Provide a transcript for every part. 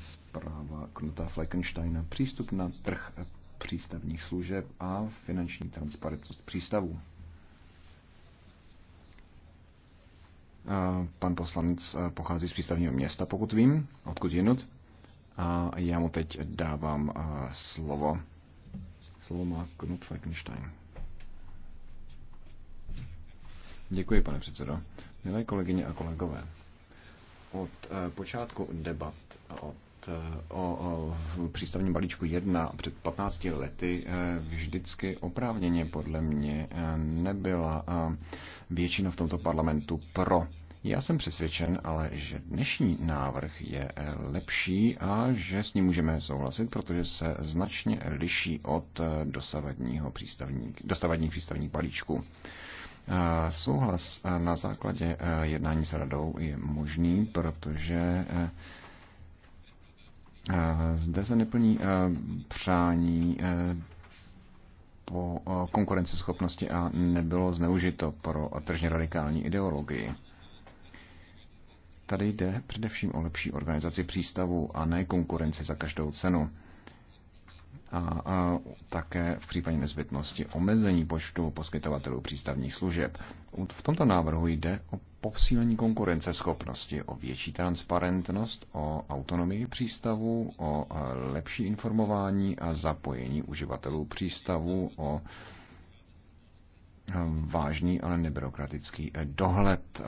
zpráva Knuta Fleckensteina přístup na trh přístavních služeb a finanční transparentnost přístavů. Pan poslanec eh, pochází z přístavního města, pokud vím, odkud jinut. A já mu teď dávám eh, slovo. Slovo má Knut Fleckenstein. Děkuji, pane předsedo. Milé kolegyně a kolegové, od eh, počátku debat od, eh, o, o přístavním balíčku 1 před 15 lety eh, vždycky oprávněně podle mě nebyla většina v tomto parlamentu pro. Já jsem přesvědčen ale, že dnešní návrh je lepší a že s ním můžeme souhlasit, protože se značně liší od dosavadního přístavních dosavadních přístavních balíčků. Souhlas na základě e, jednání s radou je možný, protože e, e, zde se neplní přání po konkurenceschopnosti a nebylo zneužito pro tržně radikální ideologii. Tady jde především o lepší organizaci přístavu a ne konkurenci za každou cenu a, a také v případě nezbytnosti omezení počtu poskytovatelů přístavních služeb. V tomto návrhu jde o posílení konkurenceschopnosti, o větší transparentnost, o autonomii přístavu, o e, lepší informování a zapojení uživatelů přístavu, o e, vážný, ale nebyrokratický e, dohled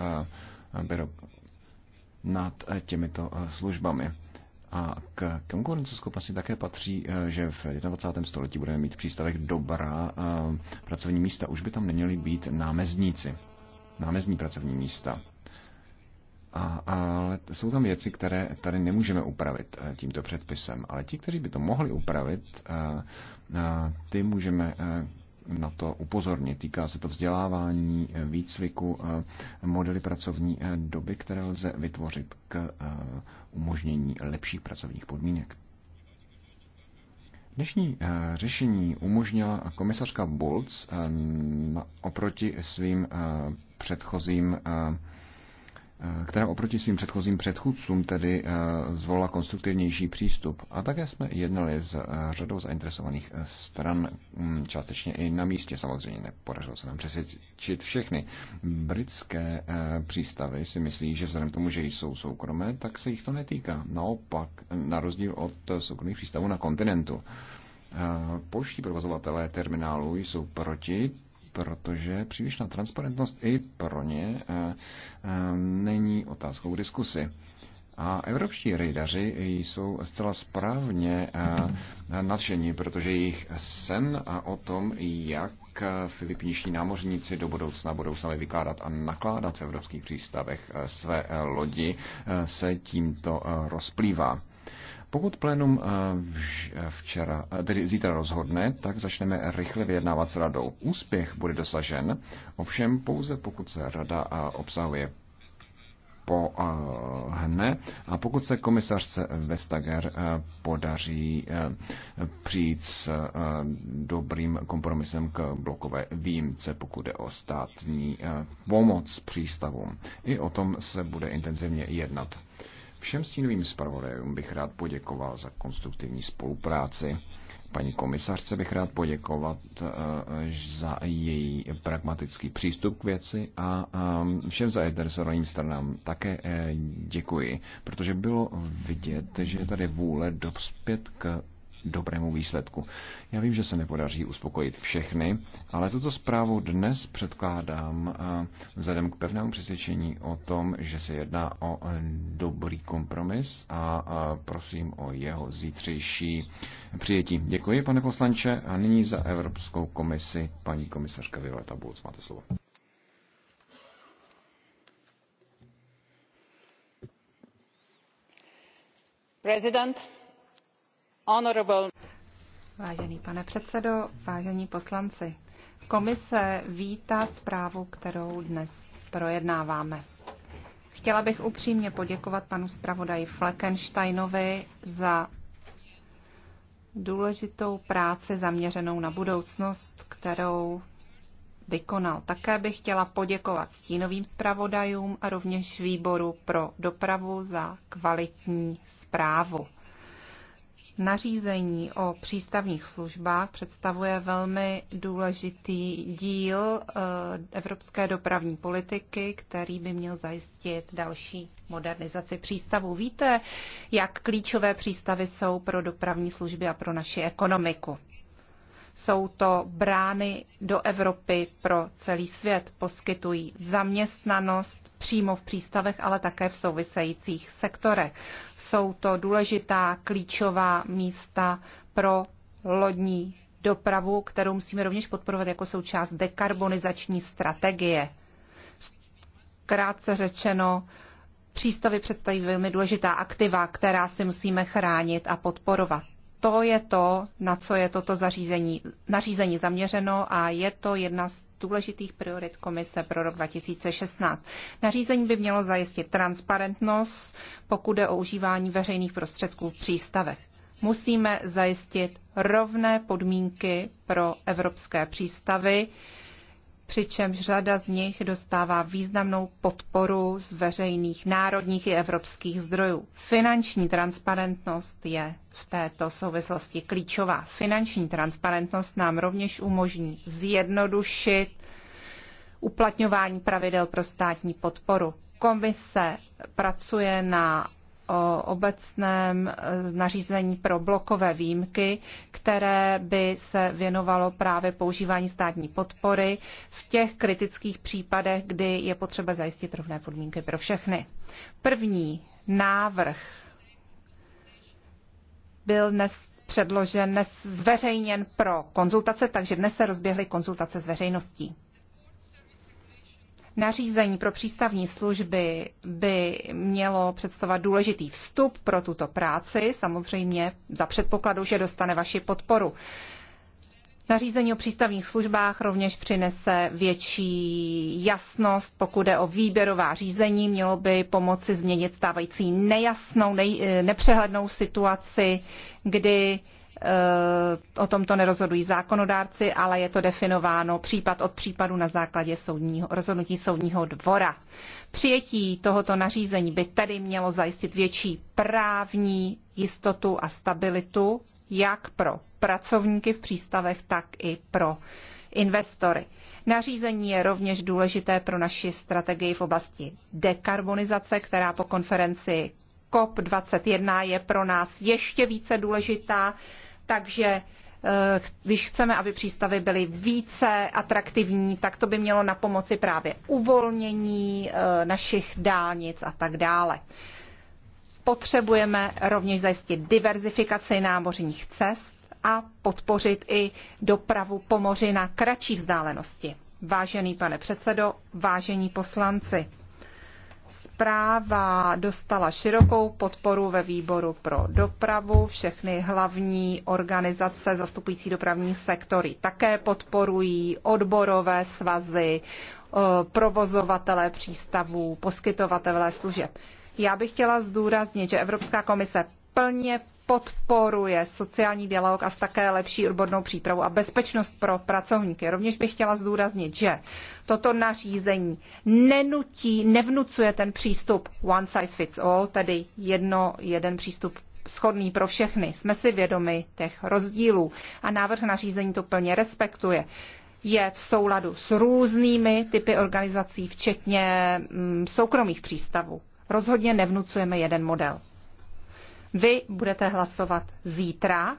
nad těmito službami. A k konkurenceschopnosti také patří, eh, že v 21. století budeme mít v přístavech dobrá eh, pracovní místa. Už by tam neměly být námezníci, námezní pracovní místa. A, ale jsou tam věci, které tady nemůžeme upravit eh, tímto předpisem. Ale ti, kteří by to mohli upravit, ty můžeme na to upozornit. Týká se to vzdělávání, výcviku, eh, modely pracovní eh, doby, které lze vytvořit k eh, umožnění lepších pracovních podmínek. Dnešní řešení umožnila komisařka Bulc oproti svým předchozím Eh, která oproti svým předchozím předchůdcům tedy eh, zvolila konstruktivnější přístup. A také jsme jednali s eh, řadou zainteresovaných stran, mm, částečně i na místě samozřejmě, nepodařilo se nám přesvědčit všechny. Britské přístavy si myslí, že vzhledem k tomu, že jsou soukromé, tak se jich to netýká. Naopak, na rozdíl od soukromých přístavů na kontinentu. Polští provozovatelé terminálu jsou proti, protože přílišná transparentnost i pro ně eh, eh, není otázkou diskusy. A evropští rejdaři jsou zcela správně eh, nadšení, protože jejich sen a o tom, jak filipínští námořníci do budoucna budou sami vykládat a nakládat v evropských přístavech své lodi, se tímto rozplývá. Pokud plénum eh, eh, včera, eh, tedy zítra rozhodne, tak začneme rychle vyjednávat s radou. Úspěch bude dosažen, ovšem pouze pokud se rada po pohne a pokud se komisařce Vestager podaří přijít s dobrým kompromisem k blokové výjimce, pokud jde o státní pomoc přístavům. I o tom se bude intenzivně jednat. Všem stínovým zpravodajům bych rád poděkoval za konstruktivní spolupráci. Paní komisařce bych rád poděkovat eh, za její pragmatický přístup k věci a eh, všem zainteresovaným stranám také eh, děkuji, protože bylo vidět, že je tady vůle dospět k dobrému výsledku. Já vím, že se nepodaří uspokojit všechny, ale tuto zprávu dnes předkládám eh, vzhledem k pevnému přesvědčení o tom, že se jedná o eh, dobrý kompromis a eh, prosím o jeho zítřejší přijetí. Děkuji, pane poslanče, a nyní za Evropskou komisi paní komisařka Violeta Bulc. Máte slovo. President. Vážený pane předsedo, vážení poslanci, komise vítá zprávu, kterou dnes projednáváme. Chtěla bych upřímně poděkovat panu zpravodaji Fleckensteinovi za důležitou práci zaměřenou na budoucnost, kterou vykonal. Také bych chtěla poděkovat stínovým zpravodajům a rovněž výboru pro dopravu za kvalitní zprávu. Nařízení o přístavních službách představuje velmi důležitý díl eh, evropské dopravní politiky, který by měl zajistit další modernizaci přístavů. Víte, jak klíčové přístavy jsou pro dopravní služby a pro naši ekonomiku. Jsou to brány do Evropy pro celý svět, poskytují zaměstnanost přímo v přístavech, ale také v souvisejících sektorech. Jsou to důležitá klíčová místa pro lodní dopravu, kterou musíme rovněž podporovat jako součást dekarbonizační strategie. Krátce řečeno, přístavy představují velmi důležitá aktiva, která si musíme chránit a podporovat to je to, na co je toto zařízení, nařízení zaměřeno a je to jedna z důležitých priorit Komise pro rok 2016. Nařízení by mělo zajistit transparentnost, pokud je o užívání veřejných prostředků v přístavech. Musíme zajistit rovné podmínky pro evropské přístavy, přičemž řada z nich dostává významnou podporu z veřejných národních i evropských zdrojů. Finanční transparentnost je v této souvislosti klíčová. Finanční transparentnost nám rovněž umožní zjednodušit uplatňování pravidel pro státní podporu. Komise pracuje na o obecném eh, nařízení pro blokové výjimky, které by se věnovalo právě používání státní podpory v těch kritických případech, kdy je potřeba zajistit rovné podmínky pro všechny. První návrh byl dnes předložen, dnes zveřejněn pro konzultace, takže dnes se rozběhly konzultace s veřejností. Nařízení pro přístavní služby by mělo představovat důležitý vstup pro tuto práci, samozřejmě za předpokladu, že dostane vaši podporu. Nařízení o přístavních službách rovněž přinese větší jasnost, pokud jde o výběrová řízení, mělo by pomoci změnit stávající nejasnou, nej, eh, nepřehlednou situaci, kdy Eh, o tomto nerozhodují zákonodárci, ale je to definováno případ od případu na základě soudního, rozhodnutí soudního dvora. Přijetí tohoto nařízení by tedy mělo zajistit větší právní jistotu a stabilitu jak pro pracovníky v přístavech, tak i pro investory. Nařízení je rovněž důležité pro naši strategii v oblasti dekarbonizace, která po konferenci COP21 je pro nás ještě více důležitá. Takže eh, když chceme, aby přístavy byly více atraktivní, tak to by mělo na pomoci právě uvolnění eh, našich dálnic a tak dále. Potřebujeme rovněž zajistit diverzifikaci námořních cest a podpořit i dopravu po moři na kratší vzdálenosti. Vážený pane předsedo, vážení poslanci, Zpráva dostala širokou podporu ve výboru pro dopravu. Všechny hlavní organizace zastupující dopravní sektory také podporují odborové svazy, eh, provozovatele přístavů, poskytovatele služeb. Já bych chtěla zdůraznit, že Evropská komise plně podporuje sociální dialog a také lepší odbornou přípravu a bezpečnost pro pracovníky. Rovněž bych chtěla zdůraznit, že toto nařízení nenutí, nevnucuje ten přístup one size fits all, tedy jedno, jeden přístup schodný pro všechny. Jsme si vědomi těch rozdílů a návrh nařízení to plně respektuje. Je v souladu s různými typy organizací, včetně mm, soukromých přístavů. Rozhodně nevnucujeme jeden model. Vy budete hlasovat zítra,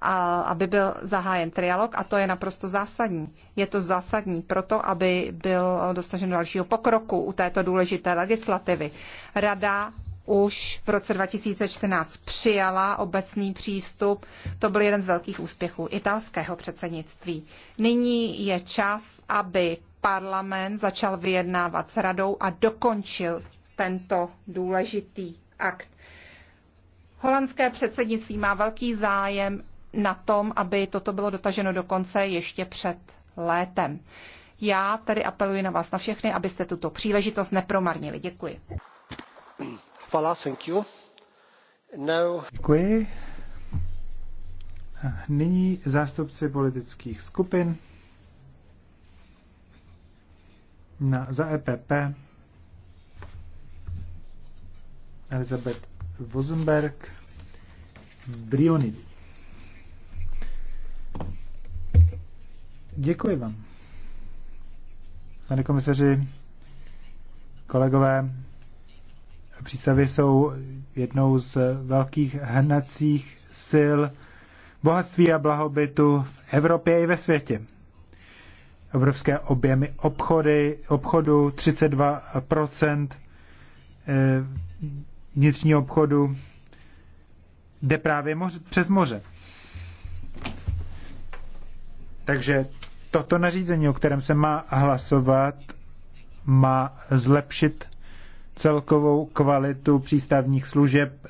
a aby byl zahájen trialog a to je naprosto zásadní. Je to zásadní proto, aby byl dosažen dalšího pokroku u této důležité legislativy. Rada už v roce 2014 přijala obecný přístup. To byl jeden z velkých úspěchů italského předsednictví. Nyní je čas, aby parlament začal vyjednávat s radou a dokončil tento důležitý akt. Holandské předsednictví má velký zájem na tom, aby toto bylo dotaženo do konce ještě před létem. Já tedy apeluji na vás na všechny, abyste tuto příležitost nepromarnili. Děkuji. Voilà, thank you. Now... Děkuji. Nyní zástupci politických skupin na, za EPP Elizabeth Vozenberg, Briony. Děkuji vám. Pane komisaři, kolegové, přístavy jsou jednou z velkých hnacích sil bohatství a blahobytu v Evropě i ve světě. Obrovské objemy obchody, obchodu 32 vnitřního obchodu jde právě moře, přes moře. Takže toto nařízení, o kterém se má hlasovat, má zlepšit celkovou kvalitu přístavních služeb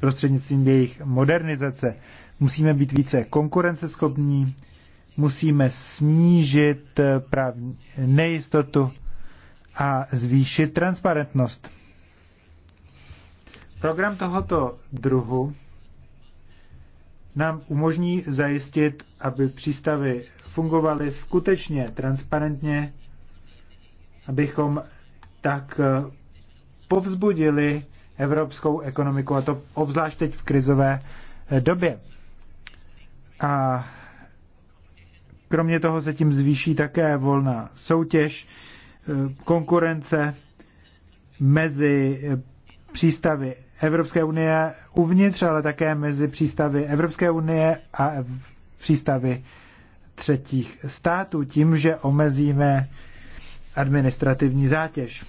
prostřednictvím jejich modernizace. Musíme být více konkurenceschopní, musíme snížit právní nejistotu a zvýšit transparentnost. Program tohoto druhu nám umožní zajistit, aby přístavy fungovaly skutečně transparentně, abychom tak eh, povzbudili evropskou ekonomiku, a to obzvlášť teď v krizové eh, době. A kromě toho se tím zvýší také volná soutěž, eh, konkurence mezi přístavy Evropské unie uvnitř, ale také mezi přístavy Evropské unie a přístavy třetích států tím, že omezíme administrativní zátěž.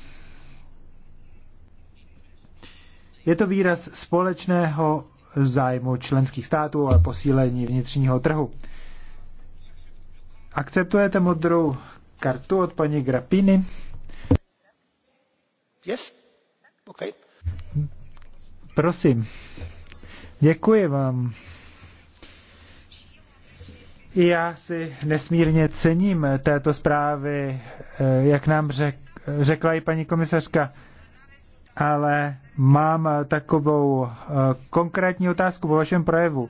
Je to výraz společného zájmu členských států a posílení vnitřního trhu. Akceptujete modrou kartu od paní Grapiny? Yes. Okay. Prosím. Děkuji vám. I já si nesmírně cením této zprávy, eh, jak nám řek, řekla i paní komisařka, ale mám takovou eh, konkrétní otázku po vašem projevu.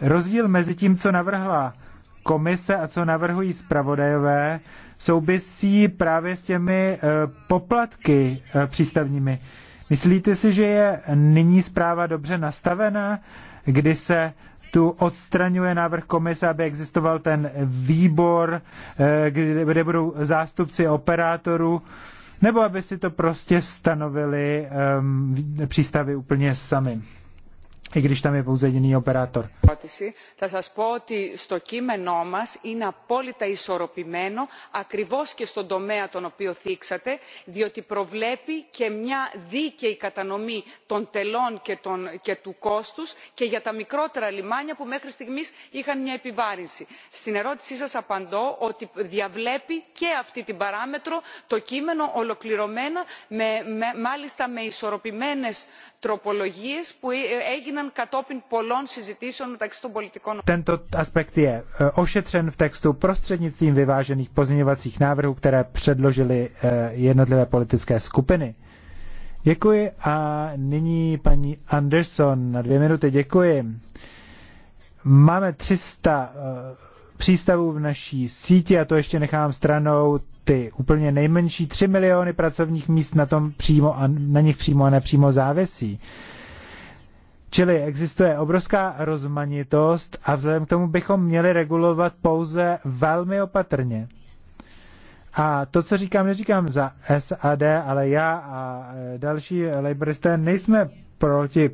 Rozdíl mezi tím, co navrhla komise a co navrhují zpravodajové, souvisí právě s těmi eh, poplatky přístavními. Myslíte si, že je nyní zpráva dobře nastavená, kdy se tu odstraňuje návrh komise, aby existoval ten výbor, eh, kde budou zástupci operátorů, nebo aby si to prostě stanovili um, přístavy úplně sami? i když tam je pouze jediný operátor. Θα σας πω ότι στο κείμενό μας είναι απόλυτα ισορροπημένο ακριβώς και στον τομέα τον οποίο θίξατε, διότι προβλέπει και μια δίκαιη κατανομή των τελών και, των, και του κόστους και για τα μικρότερα λιμάνια που μέχρι στιγμής είχαν μια επιβάρυνση. Στην ερώτησή σας απαντώ ότι διαβλέπει και αυτή την παράμετρο το κείμενο ολοκληρωμένα, με, με, μάλιστα με ισορροπημένες τροπολογίες που έγιναν tento aspekt je e, ošetřen v textu prostřednictvím vyvážených pozměňovacích návrhů, které předložily e, jednotlivé politické skupiny. Děkuji a nyní paní Anderson na dvě minuty. Děkuji. Máme 300 e, přístavů v naší síti a to ještě nechám stranou ty úplně nejmenší 3 miliony pracovních míst na tom přímo a na nich přímo a nepřímo závisí. Čili existuje obrovská rozmanitost a vzhledem k tomu bychom měli regulovat pouze velmi opatrně. A to, co říkám, neříkám za SAD, ale já a e, další laboristé nejsme proti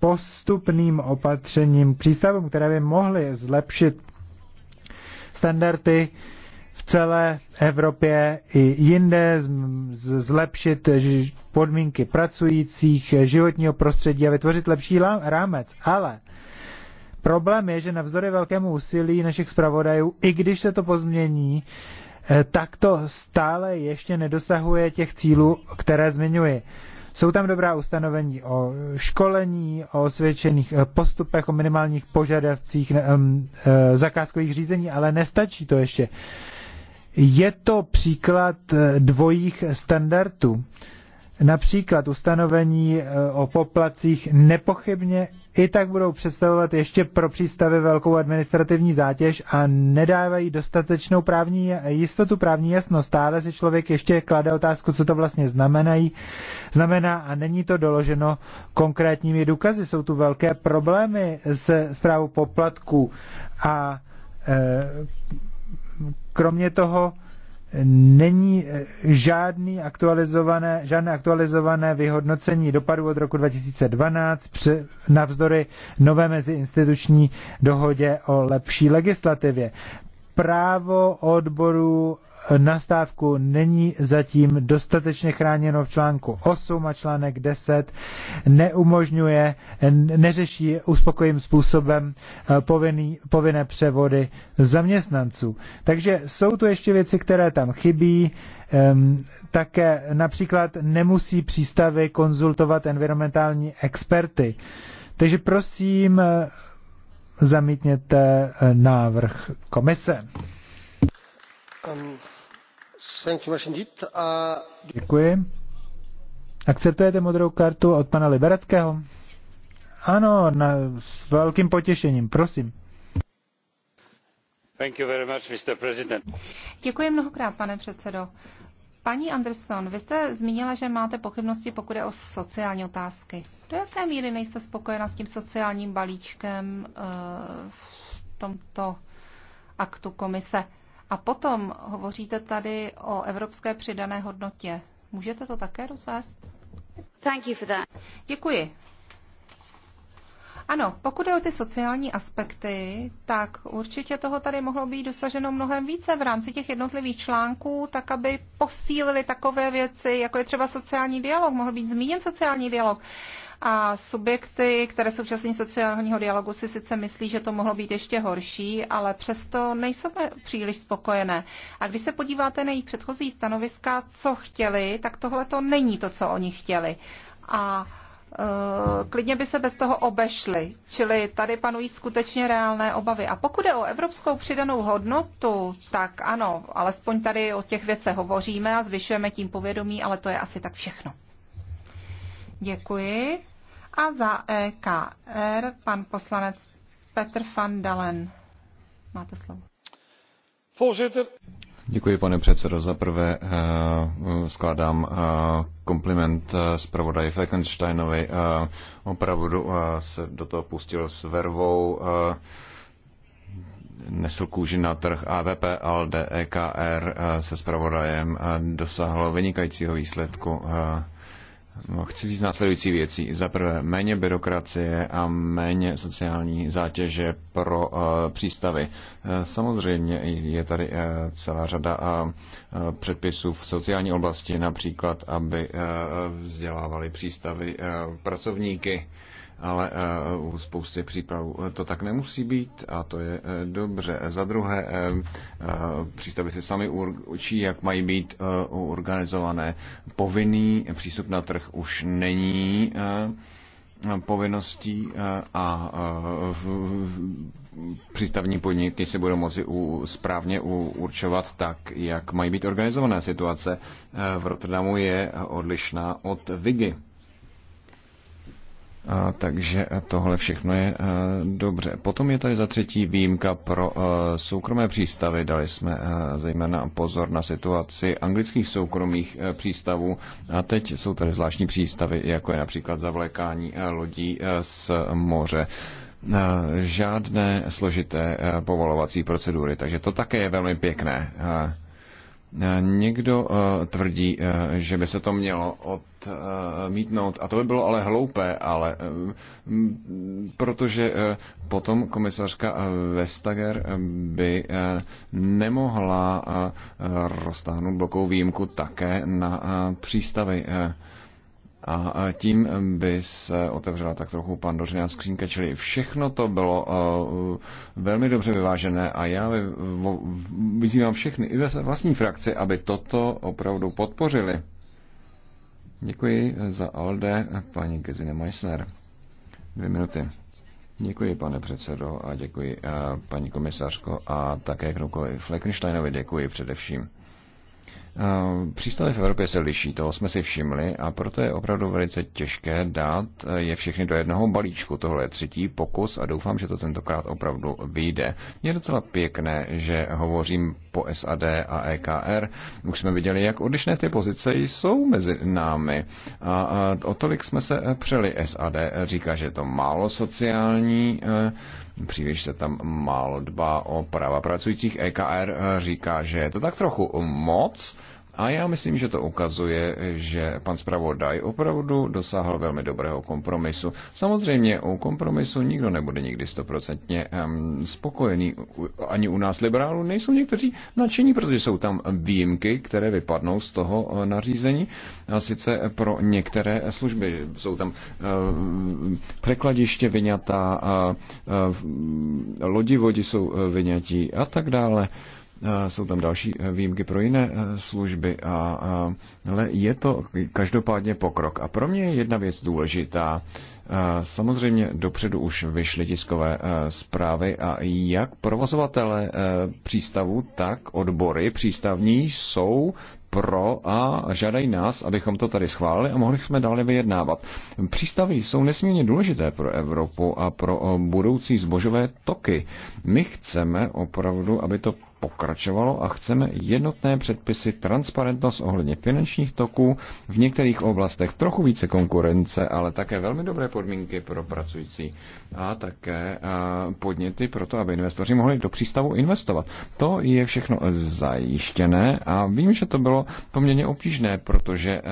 postupným opatřením, přístavům, které by mohly zlepšit standardy celé Evropě i jinde, zlepšit podmínky pracujících, životního prostředí a vytvořit lepší rámec. Ale problém je, že navzdory velkému úsilí našich zpravodajů, i když se to pozmění, eh, tak to stále ještě nedosahuje těch cílů, které zmiňuji. Jsou tam dobrá ustanovení o školení, o osvědčených eh, postupech, o minimálních požadavcích eh, zakázkových řízení, ale nestačí to ještě. Je to příklad eh, dvojích standardů. Například ustanovení eh, o poplacích nepochybně i tak budou představovat ještě pro přístavy velkou administrativní zátěž a nedávají dostatečnou právní jistotu, právní jasnost. Stále si člověk ještě klade otázku, co to vlastně znamenají. znamená a není to doloženo konkrétními důkazy. Jsou tu velké problémy se zprávou poplatků a e, kromě toho eh, není eh, žádný aktualizované, žádné aktualizované vyhodnocení dopadů od roku 2012 při, navzdory nové meziinstituční dohodě o lepší legislativě. Právo odboru nastávku není zatím dostatečně chráněno v článku 8 a článek 10 neumožňuje, neřeší uspokojivým způsobem eh, povinný, povinné převody zaměstnanců. Takže jsou tu ještě věci, které tam chybí. Ehm, také například nemusí přístavy konzultovat environmentální experty. Takže prosím, eh, zamítněte eh, návrh komise. Um, uh, Děkuji. Akceptujete modrou kartu od pana Liberackého? Ano, na, s velkým potěšením, prosím. Thank you very much, Mr. President. Děkuji mnohokrát, pane předsedo. Paní Anderson, vy jste zmínila, že máte pochybnosti, pokud je o sociální otázky. Do jaké míry nejste spokojena s tím sociálním balíčkem eh, v tomto aktu komise? A potom hovoříte tady o evropské přidané hodnotě. Můžete to také rozvést? Thank you for that. Děkuji. Ano, pokud je o ty sociální aspekty, tak určitě toho tady mohlo být dosaženo mnohem více v rámci těch jednotlivých článků, tak aby posílili takové věci, jako je třeba sociální dialog, mohl být zmíněn sociální dialog a subjekty, které jsou účastní sociálního dialogu, si sice myslí, že to mohlo být ještě horší, ale přesto nejsou příliš spokojené. A když se podíváte na jejich předchozí stanoviska, co chtěli, tak tohle to není to, co oni chtěli. A eh, klidně by se bez toho obešli. Čili tady panují skutečně reálné obavy. A pokud je o evropskou přidanou hodnotu, tak ano, alespoň tady o těch věcech hovoříme a zvyšujeme tím povědomí, ale to je asi tak všechno. Děkuji. A za EKR pan poslanec Petr van Dalen. Máte slovo. Voorzitter. Děkuji, pane předsedo. Za prvé eh, skládám eh, kompliment eh, zpravodaji Fleckensteinovi. Opravdu se do toho pustil s vervou nesl kůži na trh AVP, ALDE, EKR se spravodajem dosáhlo vynikajícího výsledku. No, chci říct následující věcí. Za prvé, méně byrokracie a méně sociální zátěže pro uh, přístavy. Uh, samozřejmě je tady uh, celá řada uh, předpisů v sociální oblasti, například, aby uh, vzdělávali přístavy uh, pracovníky. Uh, ale eh, u spousty případů to tak nemusí být a to je eh, dobře. Za druhé, eh, přístavy si sami určí, jak mají být organizované. Povinný přístup na trh už není povinností a přístavní podniky si budou moci u, správně u, určovat tak, jak mají být organizované situace. V Rotterdamu je odlišná od Vigy. A, takže tohle všechno je a, e, dobře. Potom je tady za třetí výjimka pro a, e, soukromé přístavy. Dali jsme a, e, zejména pozor na situaci anglických soukromých a, přístavů. A teď jsou tady zvláštní přístavy, jako je například zavlékání a, lodí a, z moře žádné složité povolovací procedury, takže to také je velmi pěkné. Někdo eh, tvrdí, eh, že by se to mělo odmítnout, eh, a to by bylo ale hloupé, ale protože potom komisařka Vestager by nemohla roztáhnout blokovou výjimku také na přístavy. A tím by se otevřela tak trochu pandořená skřínka, čili všechno to bylo uh, velmi dobře vyvážené a já vyzývám všechny i ve své vlastní frakci, aby toto opravdu podpořili. Děkuji za Alde, paní Gesine Meissner. Dvě minuty. Děkuji, pane předsedo, a děkuji uh, paní komisařko a také Knukovi Fleckensteinovi děkuji především. Eh, přístavy v Evropě se liší, toho jsme si všimli a proto je opravdu velice těžké dát eh, je všechny do jednoho balíčku. Tohle je třetí pokus a doufám, že to tentokrát opravdu vyjde. Je docela pěkné, že hovořím po SAD a EKR. Už jsme viděli, jak odlišné ty pozice jsou mezi námi. A o tolik jsme se přeli. SAD říká, že je to málo sociální eh, příliš se tam málo dbá o práva pracujících. EKR e, říká, že je to tak trochu moc, a já myslím, že to ukazuje, že pan zpravodaj opravdu dosáhl velmi dobrého kompromisu. Samozřejmě u kompromisu nikdo nebude nikdy stoprocentně spokojený. Ani u nás liberálů nejsou někteří nadšení, protože jsou tam výjimky, které vypadnou z toho eh, nařízení. A sice pro některé služby jsou tam eh, překladiště vyňatá, eh, lodivodi vodi jsou vyňatí a tak dále. Eh, jsou tam další eh, výjimky pro jiné eh, služby, a, a, ale je to každopádně pokrok. A pro mě je jedna věc důležitá. Samozřejmě dopředu už vyšly tiskové zprávy a jak provozovatele přístavu, tak odbory přístavní jsou pro a žádají nás, abychom to tady schválili a mohli jsme dále vyjednávat. Přístavy jsou nesmírně důležité pro Evropu a pro budoucí zbožové toky. My chceme opravdu, aby to pokračovalo a chceme jednotné předpisy, transparentnost ohledně finančních toků, v některých oblastech trochu více konkurence, ale také velmi dobré podmínky pro pracující a také podněty pro to, aby investoři mohli do přístavu investovat. To je všechno zajištěné a vím, že to bylo poměrně obtížné, protože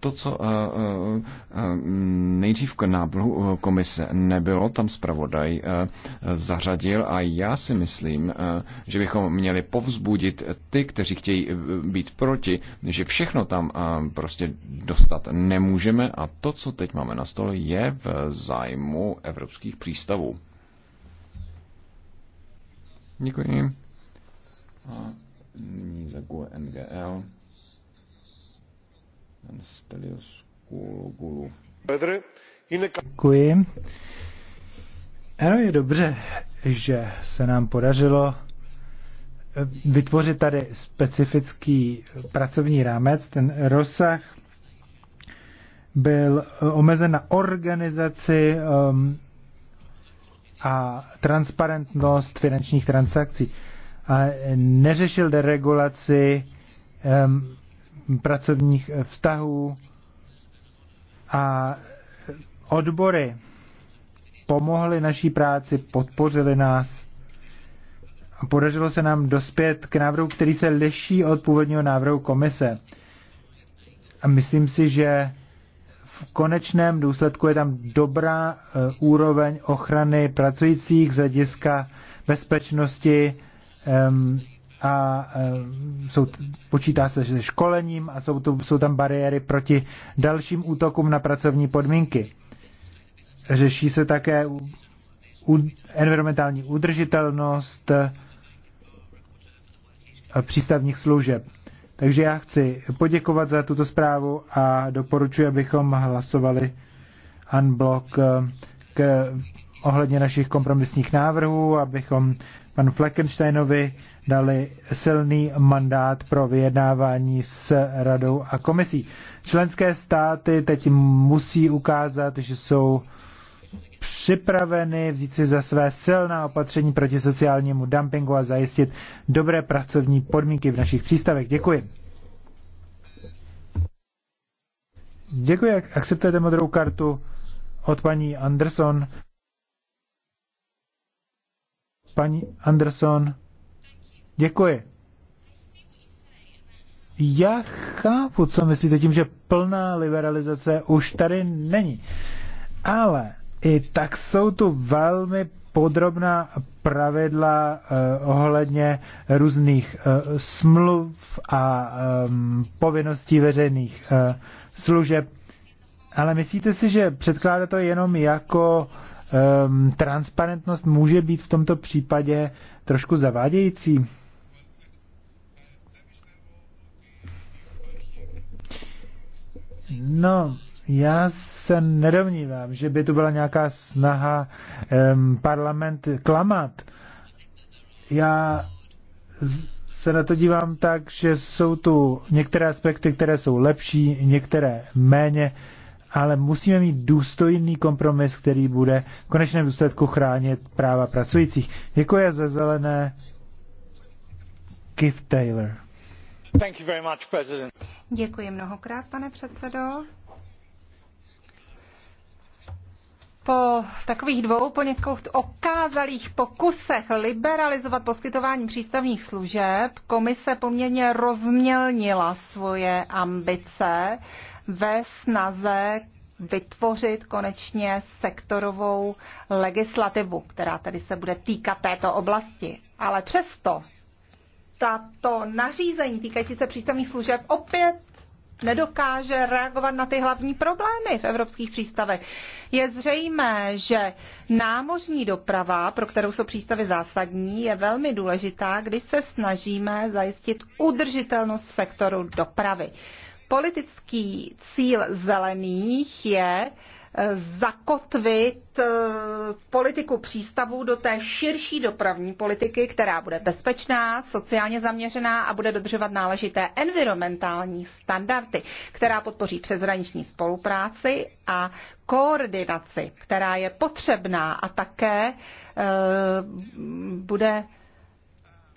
to, co eh, eh, eh, nejdřív k náblhu komise nebylo, tam zpravodaj zařadil a já si myslím, že bychom měli povzbudit ty, kteří chtějí být proti, že všechno tam prostě dostat nemůžeme a to, co teď máme na stole, je v zájmu evropských přístavů. Děkuji. A nyní za NGL. Děkuji. Ano, je dobře, že se nám podařilo eh, vytvořit tady specifický pracovní rámec. Ten rozsah byl eh, omezen na organizaci um, a transparentnost finančních transakcí. A neřešil deregulaci um, pracovních vztahů a odbory pomohly naší práci, podpořili nás. Podařilo se nám dospět k návrhu, který se liší od původního návrhu komise. A myslím si, že v konečném důsledku je tam dobrá eh, úroveň ochrany pracujících z hlediska bezpečnosti a eh, jsou, počítá se se školením a jsou, tu, jsou tam bariéry proti dalším útokům na pracovní podmínky. Řeší se také u, u, environmentální udržitelnost eh, přístavních služeb. Takže já chci poděkovat za tuto zprávu a doporučuji, abychom hlasovali unblock eh, k, ohledně našich kompromisních návrhů, abychom panu Fleckensteinovi dali silný mandát pro vyjednávání s radou a komisí. Členské státy teď musí ukázat, že jsou připraveny vzít si za své silná opatření proti sociálnímu dumpingu a zajistit dobré pracovní podmínky v našich přístavech. Děkuji. Děkuji, jak akceptujete modrou kartu od paní Anderson. Paní Anderson. Děkuji. Já chápu, co myslíte tím, že plná liberalizace už tady není. Ale i tak jsou tu velmi podrobná pravidla eh, ohledně různých eh, smluv a eh, povinností veřejných eh, služeb. Ale myslíte si, že předkládá to jenom jako eh, transparentnost může být v tomto případě trošku zavádějící? No, já se nedomnívám, že by tu byla nějaká snaha um, parlament klamat. Já se na to dívám tak, že jsou tu některé aspekty, které jsou lepší, některé méně, ale musíme mít důstojný kompromis, který bude v konečném důsledku chránit práva pracujících. Děkuji za zelené. Keith Taylor. Děkuji mnohokrát, pane předsedo. po takových dvou poněkud okázalých pokusech liberalizovat poskytování přístavních služeb komise poměrně rozmělnila svoje ambice ve snaze vytvořit konečně sektorovou legislativu, která tedy se bude týkat této oblasti. Ale přesto tato nařízení týkající se přístavních služeb opět nedokáže reagovat na ty hlavní problémy v evropských přístavech. Je zřejmé, že námořní doprava, pro kterou jsou přístavy zásadní, je velmi důležitá, když se snažíme zajistit udržitelnost v sektoru dopravy. Politický cíl zelených je zakotvit eh, politiku přístavů do té širší dopravní politiky, která bude bezpečná, sociálně zaměřená a bude dodržovat náležité environmentální standardy, která podpoří přeshraniční spolupráci a koordinaci, která je potřebná a také eh, bude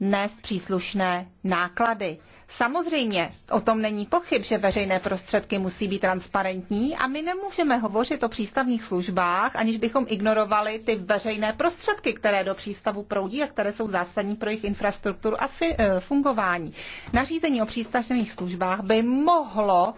nést příslušné náklady. Samozřejmě, o tom není pochyb, že veřejné prostředky musí být transparentní a my nemůžeme hovořit o přístavních službách, aniž bychom ignorovali ty veřejné prostředky, které do přístavu proudí a které jsou zásadní pro jejich infrastrukturu a eh, fungování. Nařízení o přístavních službách by mohlo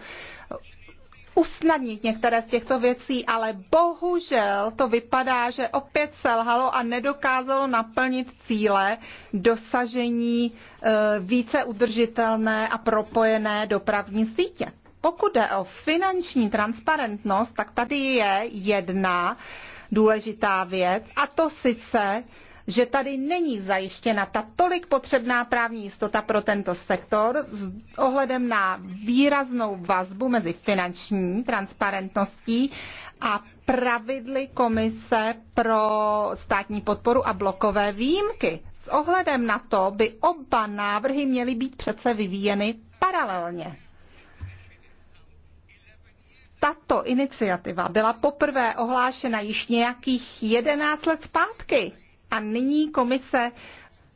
usnadnit některé z těchto věcí, ale bohužel to vypadá, že opět selhalo a nedokázalo naplnit cíle dosažení e, více udržitelné a propojené dopravní sítě. Pokud jde o finanční transparentnost, tak tady je jedna důležitá věc, a to sice, že tady není zajištěna ta tolik potřebná právní jistota pro tento sektor s ohledem na výraznou vazbu mezi finanční transparentností a pravidly komise pro státní podporu a blokové výjimky. S ohledem na to by oba návrhy měly být přece vyvíjeny paralelně. Tato iniciativa byla poprvé ohlášena již nějakých 11 let zpátky a nyní komise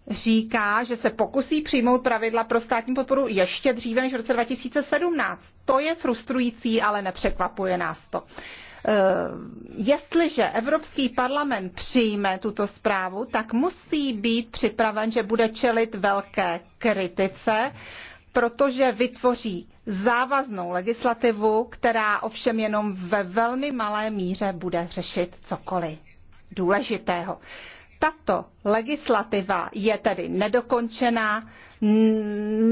říká, že se pokusí přijmout pravidla pro státní podporu ještě dříve než v roce 2017. To je frustrující, ale nepřekvapuje nás to. E, jestliže Evropský parlament přijme tuto zprávu, tak musí být připraven, že bude čelit velké kritice, protože vytvoří závaznou legislativu, která ovšem jenom ve velmi malé míře bude řešit cokoliv důležitého. Tato legislativa je tedy nedokončená,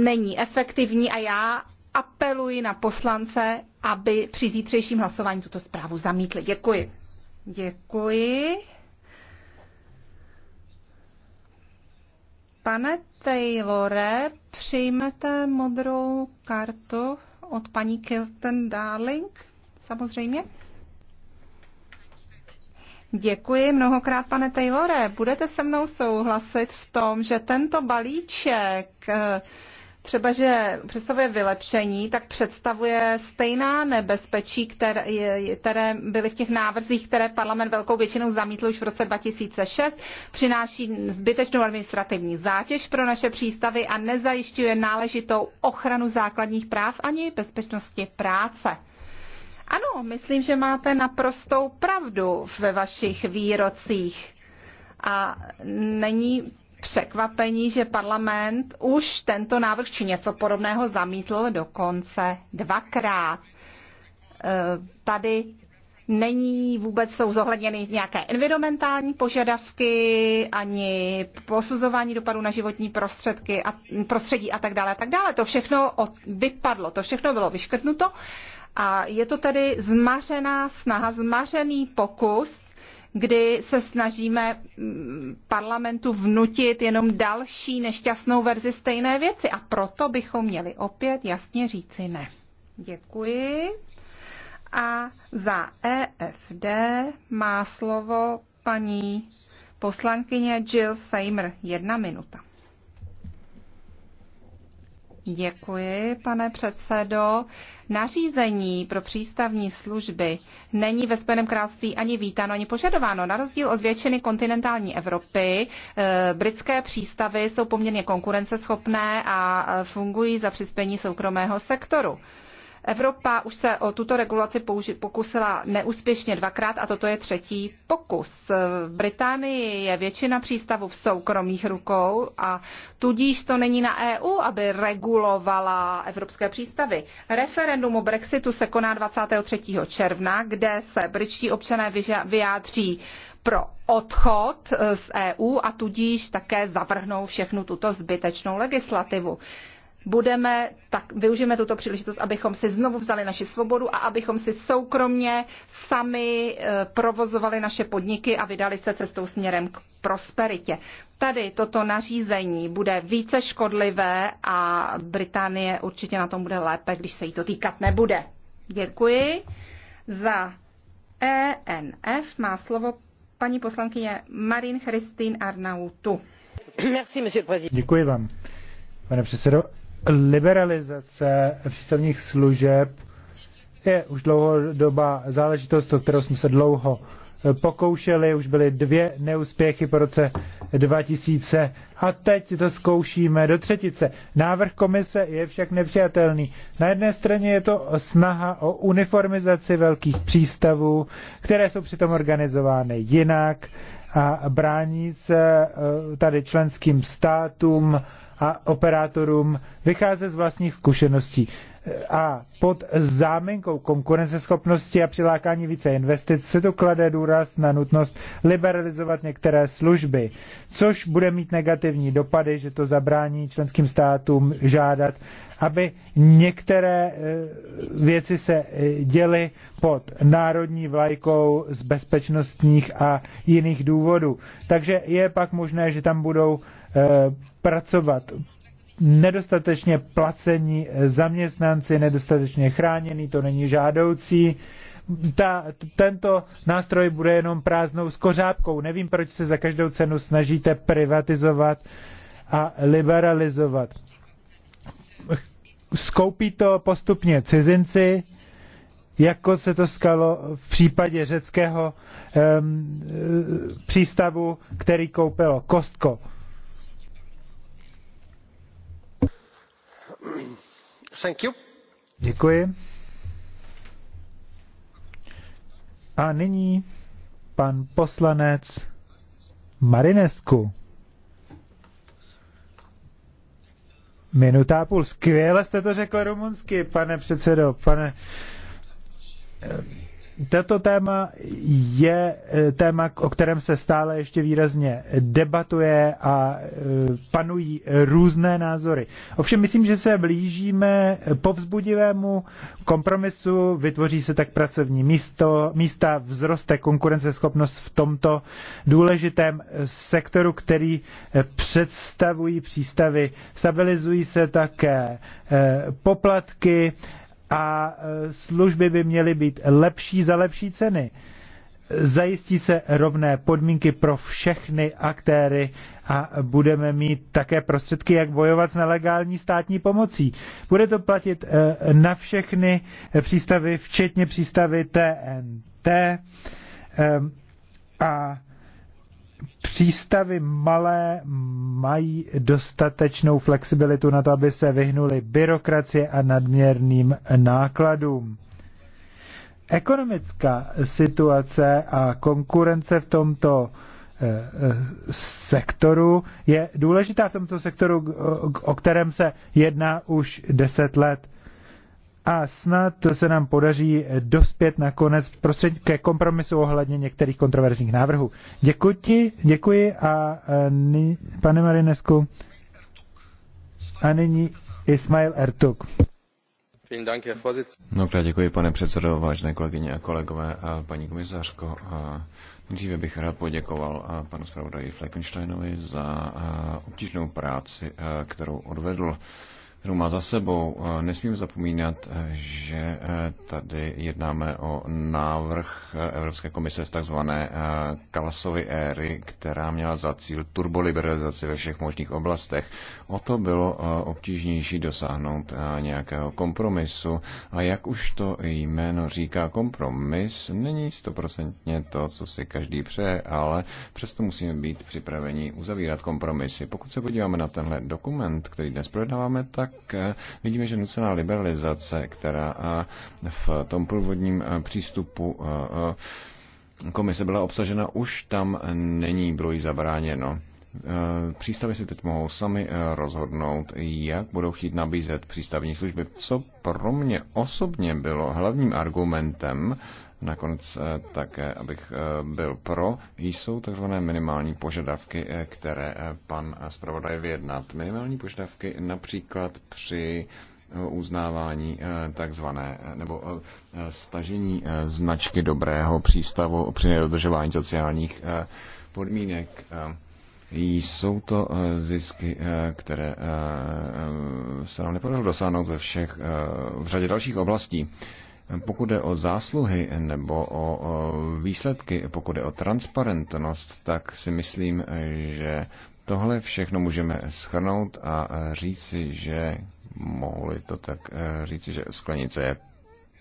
není efektivní a já apeluji na poslance, aby při zítřejším hlasování tuto zprávu zamítli. Děkuji. Děkuji. Pane Taylore, přijmete modrou kartu od paní Kilton Darling? Samozřejmě. Děkuji mnohokrát, pane Taylore. Budete se mnou souhlasit v tom, že tento balíček eh, třeba, že představuje vylepšení, tak představuje stejná nebezpečí, které, které byly v těch návrzích, které parlament velkou většinou zamítl už v roce 2006, přináší zbytečnou administrativní zátěž pro naše přístavy a nezajišťuje náležitou ochranu základních práv ani bezpečnosti práce. Ano, myslím, že máte naprostou pravdu ve vašich výrocích. A není překvapení, že parlament už tento návrh či něco podobného zamítl dokonce dvakrát. E, tady není vůbec, jsou zohledněny nějaké environmentální požadavky, ani posuzování dopadu na životní prostředky a prostředí a tak dále a tak dále. To všechno vypadlo, to všechno bylo vyškrtnuto a je to tedy zmařená snaha, zmařený pokus kdy se snažíme mm, parlamentu vnutit jenom další nešťastnou verzi stejné věci. A proto bychom měli opět jasně říci ne. Děkuji. A za EFD má slovo paní poslankyně Jill Seimer. Jedna minuta. Děkuji, pane předsedo. Nařízení pro přístavní služby není ve Spojeném království ani vítáno, ani požadováno. Na rozdíl od většiny kontinentální Evropy, e, britské přístavy jsou poměrně konkurenceschopné a e, fungují za přispění soukromého sektoru. Evropa už se o tuto regulaci pokusila neúspěšně dvakrát a toto je třetí pokus. V Británii je většina přístavů v soukromých rukou a tudíž to není na EU, aby regulovala evropské přístavy. Referendum o Brexitu se koná 23. června, kde se britští občané vyjádří pro odchod z EU a tudíž také zavrhnou všechnu tuto zbytečnou legislativu budeme, tak využijeme tuto příležitost, abychom si znovu vzali naši svobodu a abychom si soukromně sami eh, provozovali naše podniky a vydali se cestou směrem k prosperitě. Tady toto nařízení bude více škodlivé a Británie určitě na tom bude lépe, když se jí to týkat nebude. Děkuji. Za ENF má slovo paní poslankyně Marin Christine Arnautu. Děkuji vám. Pane předsedo, liberalizace přístavních služeb je už dlouhodobá záležitost, o kterou jsme se dlouho eh, pokoušeli, už byly dvě neúspěchy po roce 2000 a teď to zkoušíme do třetice. Návrh komise je však nepřijatelný. Na jedné straně je to snaha o uniformizaci velkých přístavů, které jsou přitom organizovány jinak a brání se eh, tady členským státům a operátorům vycházet z vlastních zkušeností a pod záminkou konkurenceschopnosti a přilákání více investic se to klade důraz na nutnost liberalizovat některé služby, což bude mít negativní dopady, že to zabrání členským státům žádat, aby některé e, věci se e, děly pod národní vlajkou z bezpečnostních a jiných důvodů. Takže je pak možné, že tam budou Eh, pracovat nedostatečně placení zaměstnanci, nedostatečně chráněný, to není žádoucí. Ta, tento nástroj bude jenom prázdnou skořápkou. Nevím, proč se za každou cenu snažíte privatizovat a liberalizovat. Skoupí to postupně cizinci, jako se to skalo? v případě řeckého um, přístavu, který koupilo Kostko. Děkuji. A nyní pan poslanec Marinescu. Minuta a půl. Skvěle jste to řekl rumunsky, pane předsedo, pane tato téma je e, téma, o kterém se stále ještě výrazně debatuje a e, panují různé názory. Ovšem myslím, že se blížíme povzbudivému kompromisu, vytvoří se tak pracovní místo, místa, vzroste konkurenceschopnost v tomto důležitém sektoru, který e, představují přístavy. Stabilizují se také poplatky, a e, služby by měly být lepší za lepší ceny. Zajistí se rovné podmínky pro všechny aktéry a budeme mít také prostředky, jak bojovat s nelegální státní pomocí. Bude to platit e, na všechny přístavy, včetně přístavy TNT e, a přístavy malé mají dostatečnou flexibilitu na to, aby se vyhnuli byrokracie a nadměrným nákladům. Ekonomická situace a konkurence v tomto eh, eh, sektoru je důležitá v tomto sektoru, o kterém se jedná už deset let a snad se nám podaří dospět nakonec prostřed, ke kompromisu ohledně některých kontroverzních návrhů. Děkuji ti, děkuji a e, ny, pane Marinesku a nyní Ismail Ertuk. No, děkuji, pane předsedo, vážné kolegyně a kolegové a paní komisařko. A dříve bych rád poděkoval a panu zpravodaji Fleckensteinovi za obtížnou práci, kterou odvedl kterou má za sebou. Eh, nesmím zapomínat, eh, že eh, tady jednáme o návrh Evropské komise z takzvané Kalasovy éry, která měla za cíl turboliberalizaci ve všech možných oblastech. O to bylo obtížnější dosáhnout nějakého kompromisu a jak už to jméno říká, kompromis není stoprocentně to, co si každý přeje, ale přesto musíme být připraveni uzavírat kompromisy. Pokud se podíváme na tenhle dokument, který dnes projednáváme, tak Eh, vidíme, že nucená liberalizace, která eh, v tom původním eh, přístupu komise byla obsažena, už tam není, bylo jí zabráněno. Přístavy si teď mohou sami rozhodnout, jak budou chtít nabízet přístavní služby. Co pro mě osobně bylo hlavním argumentem Nakonec eh, také, abych eh, byl pro, jsou takzvané minimální požadavky, eh, které pan zpravodaj vyjednat. Minimální požadavky například při uznávání takzvané nebo stažení značky dobrého přístavu při nedodržování sociálních podmínek. Jsou to zisky, které se nám nepodařilo dosáhnout ve všech, v řadě dalších oblastí. Pokud jde o zásluhy nebo o výsledky, pokud jde o transparentnost, tak si myslím, že tohle všechno můžeme schrnout a říci, že mohli to tak eh, říci, že sklenice je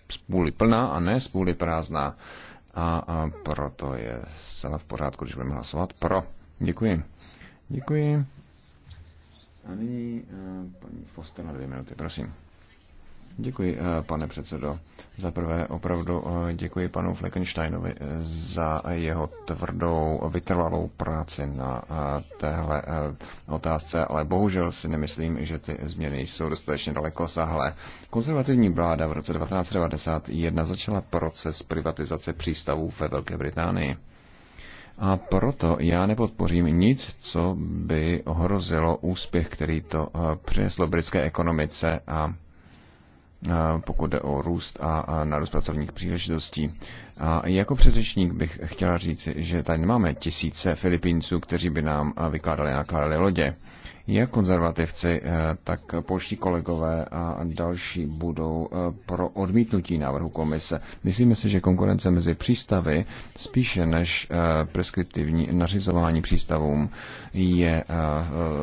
spůli plná a ne spůli prázdná. A proto je zcela v pořádku, když budeme hlasovat pro. Děkuji. Děkuji. A nyní eh, paní Foster na dvě minuty, prosím. Děkuji, eh, pane předsedo. Za prvé opravdu eh, děkuji panu Fleckensteinovi eh, za jeho tvrdou, vytrvalou práci na téhle otázce, ale bohužel si nemyslím, že ty změny jsou dostatečně daleko sahlé. Konzervativní vláda v roce 1991 začala proces privatizace přístavů ve Velké Británii. A proto já nepodpořím nic, co by ohrozilo úspěch, který to přineslo britské ekonomice a Eh, pokud jde o růst a nárůst pracovních příležitostí. A jako předřečník bych chtěla říci, že tady nemáme tisíce Filipínců, kteří by nám eh, vykládali a nakládali lodě. Jak konzervativci, eh, tak polští kolegové a další budou eh, pro odmítnutí návrhu komise. Myslíme si, že konkurence mezi přístavy spíše než eh, preskriptivní nařizování přístavům je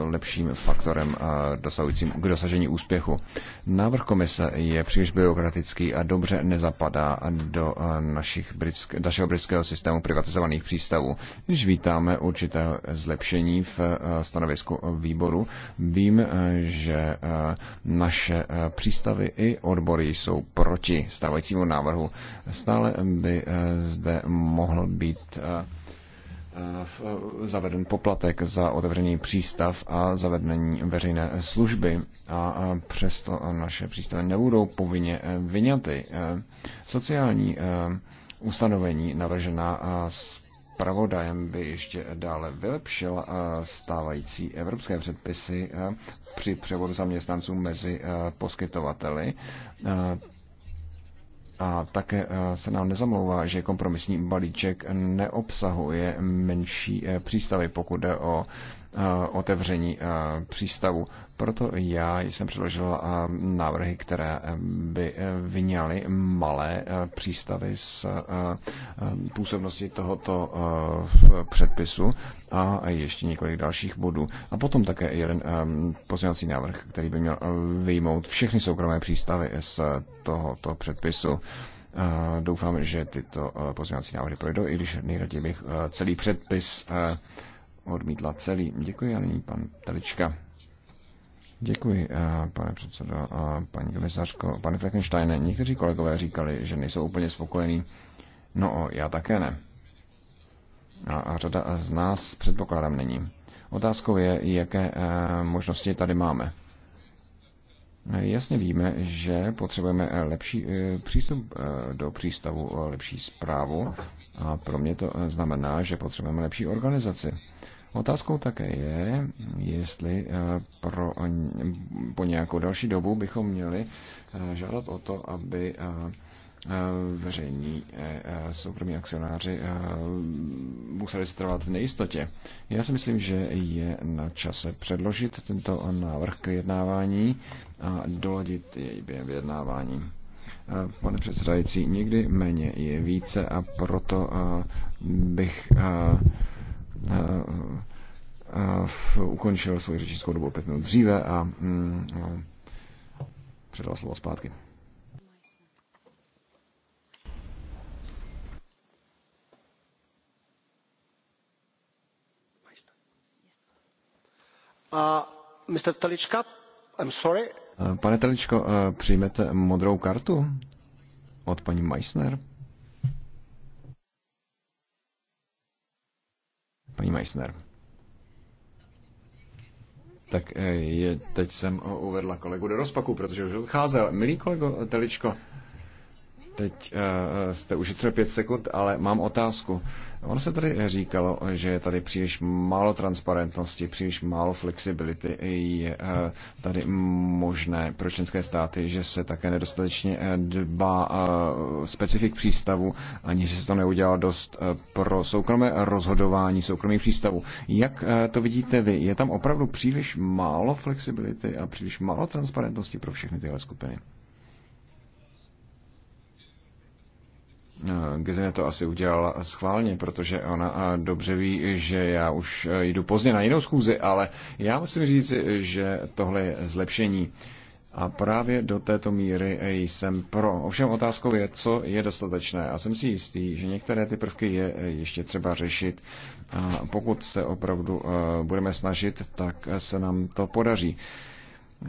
lepším faktorem dosahujícím k dosažení úspěchu. Návrh komise je příliš byrokratický a dobře nezapadá do našich britsk, našeho britského systému privatizovaných přístavů. Když vítáme určité zlepšení v stanovisku výboru, sektoru. Vím, eh, že eh, naše eh, přístavy i odbory jsou proti stávajícímu návrhu. Stále by zde mohl být zaveden poplatek za otevřený přístav a zavedení veřejné služby a přesto naše přístavy nebudou povinně vyňaty. Sociální ustanovení navržená zpravodajem by ještě dále vylepšil eh, stávající evropské předpisy eh, při převodu zaměstnanců mezi eh, poskytovateli. A také se nám nezamlouvá, že kompromisní balíček neobsahuje menší přístavy, pokud jde o Eh, otevření eh, přístavu. Proto já jsem předložil eh, návrhy, které by vyňaly malé přístavy z působnosti tohoto předpisu a ještě několik dalších bodů. A potom také jeden pozměňovací návrh, který by měl vyjmout všechny soukromé přístavy z tohoto předpisu. Doufám, že tyto pozměňovací návrhy projdou, i když nejraději bych celý předpis odmítla celý. Děkuji a nyní pan Telička. Děkuji, eh, pane předsedo, eh, paní komisařko, pane Frankensteine. Někteří kolegové říkali, že nejsou úplně spokojení. No, já také ne. A, a řada z nás předpokládám není. Otázkou je, jaké eh, možnosti tady máme. Jasně víme, že potřebujeme lepší přístup do přístavu, lepší zprávu a pro mě to znamená, že potřebujeme lepší organizaci. Otázkou také je, jestli eh, pro, eh, po nějakou další dobu bychom měli eh, žádat o to, aby veřejní soukromí akcionáři museli trvat v nejistotě. Já si myslím, že je na čase předložit tento návrh k jednávání a doladit jej během vyjednávání. Pane předsedající, nikdy méně je více a proto bych Eh, eh, ukončil svoji řečnickou dobu pět minut dříve mm, a předal slovo zpátky. Uh, Mr. Talička, I'm sorry. Eh, pane Taličko, přijmete modrou kartu od paní Meissner? Paní Meissner. Tak eh, je, teď jsem uvedla kolegu do rozpaku, protože už odcházel. Milý kolego eh, Teličko, Teď uh, jste ušetřil pět sekund, ale mám otázku. Ono se tady říkalo, že je tady příliš málo transparentnosti, příliš málo flexibility je uh, tady možné pro členské státy, že se také nedostatečně dbá uh, specifik přístavu, ani že se to neudělalo dost uh, pro soukromé rozhodování soukromých přístavů. Jak uh, to vidíte vy? Je tam opravdu příliš málo flexibility a příliš málo transparentnosti pro všechny tyhle skupiny? Gizine to asi udělala schválně, protože ona dobře ví, že já už e, jdu pozdě na jinou schůzi, ale já musím říct, že tohle je zlepšení. A právě do této míry jsem pro. Ovšem otázkou je, co je dostatečné. A jsem si jistý, že některé ty prvky je e, ještě třeba řešit. A pokud se opravdu e, budeme snažit, tak se nám to podaří.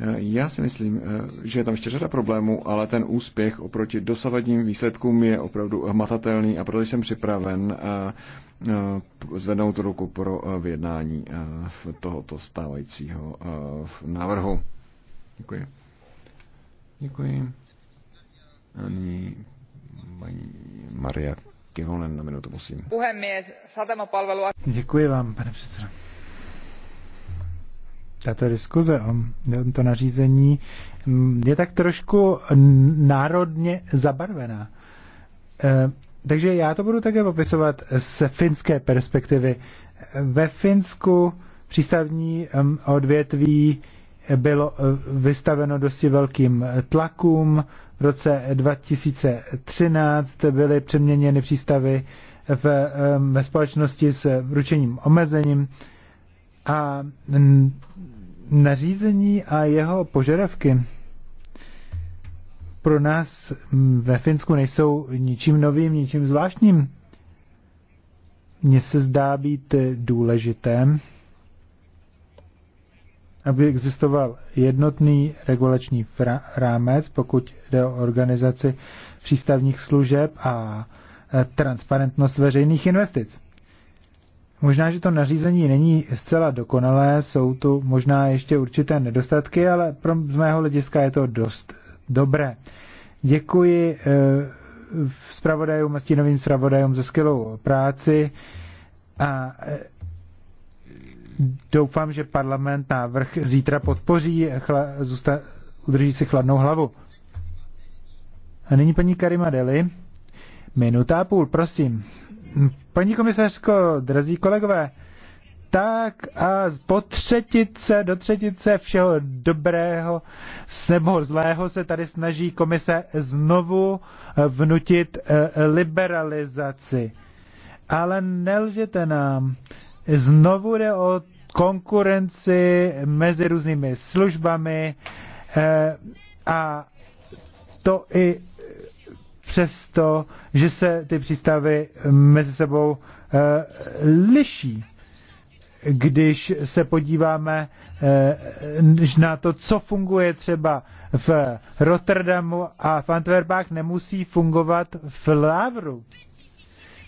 Eh, já si myslím, eh, že je tam ještě řada problémů, ale ten úspěch oproti dosavadním výsledkům je opravdu hmatatelný a proto jsem připraven eh, zvednout ruku pro vyjednání tohoto stávajícího návrhu. Děkuji. Děkuji. A nyní paní Maria Kivonen na minutu, musím. Děkuji vám, pane předsedo tato diskuze o tomto nařízení mm, je tak trošku národně zabarvená. E, takže já to budu také popisovat z finské perspektivy. Ve Finsku přístavní mm, odvětví bylo e, vystaveno dosti velkým e, tlakům. V roce 2013 byly přeměněny přístavy v, ve společnosti s ručením omezením a nařízení a jeho požadavky pro nás ve Finsku nejsou ničím novým, ničím zvláštním. Mně se zdá být důležité, aby existoval jednotný regulační rámec, pokud jde o organizaci přístavních služeb a transparentnost veřejných investic. Možná, že to nařízení není zcela dokonalé, jsou tu možná ještě určité nedostatky, ale pro, z mého hlediska je to dost dobré. Děkuji eh, zpravodajům a stínovým zpravodajům za skvělou práci a eh, doufám, že parlament návrh zítra podpoří, chla, zůsta, udrží si chladnou hlavu. A nyní paní Karima Deli. Minuta a půl, prosím. Paní komisařko, drazí kolegové, tak a po třetice, do třetice všeho dobrého nebo zlého se tady snaží komise znovu eh, vnutit eh, liberalizaci. Ale nelžete nám. Znovu jde o konkurenci mezi různými službami eh, a to i přesto, že se ty přístavy mezi sebou eh, liší. Když se podíváme eh, na to, co funguje třeba v Rotterdamu a v Antwerpách, nemusí fungovat v Lávru.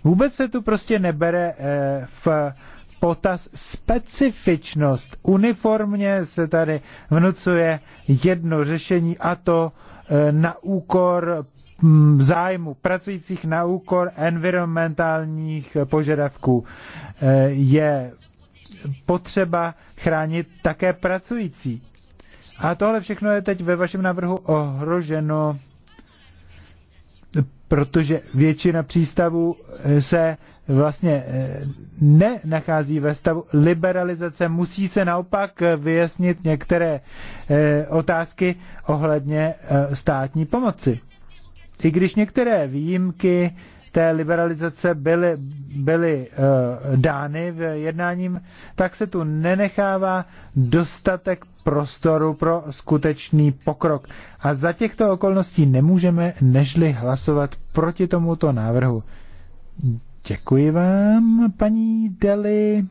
Vůbec se tu prostě nebere eh, v potaz specifičnost. Uniformně se tady vnucuje jedno řešení a to Eh, na úkor mm, zájmu pracujících, na úkor environmentálních požadavků. Eh, je potřeba chránit také pracující. A tohle všechno je teď ve vašem návrhu ohroženo, protože většina přístavů eh, se vlastně eh, nenachází ve stavu liberalizace, musí se naopak vyjasnit některé eh, otázky ohledně eh, státní pomoci. I když některé výjimky té liberalizace byly, byly dány v jednáním, tak se tu nenechává dostatek prostoru pro skutečný pokrok. A za těchto okolností nemůžeme nežli hlasovat proti tomuto návrhu. Děkuji vám, paní Deli.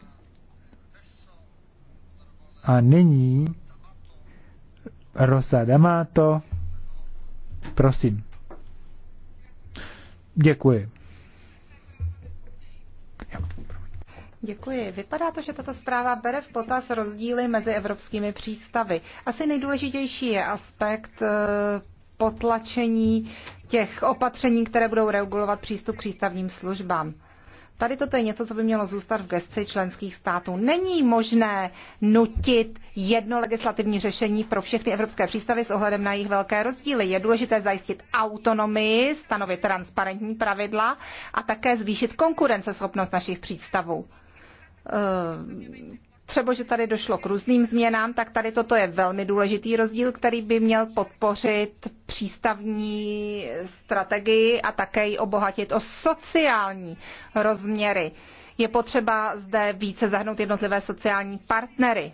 A nyní Rosa D'Amato. Prosím. Děkuji. Děkuji. Vypadá to, že tato zpráva bere v potaz rozdíly mezi evropskými přístavy. Asi nejdůležitější je aspekt eh, potlačení těch opatření, které budou regulovat přístup k přístavním službám. Tady toto je něco, co by mělo zůstat v gesci členských států. Není možné nutit jedno legislativní řešení pro všechny evropské přístavy s ohledem na jejich velké rozdíly. Je důležité zajistit autonomii, stanovit transparentní pravidla a také zvýšit konkurenceschopnost našich přístavů ehm, třeba, že tady došlo k různým změnám, tak tady toto je velmi důležitý rozdíl, který by měl podpořit přístavní strategii a také ji obohatit o sociální rozměry. Je potřeba zde více zahrnout jednotlivé sociální partnery.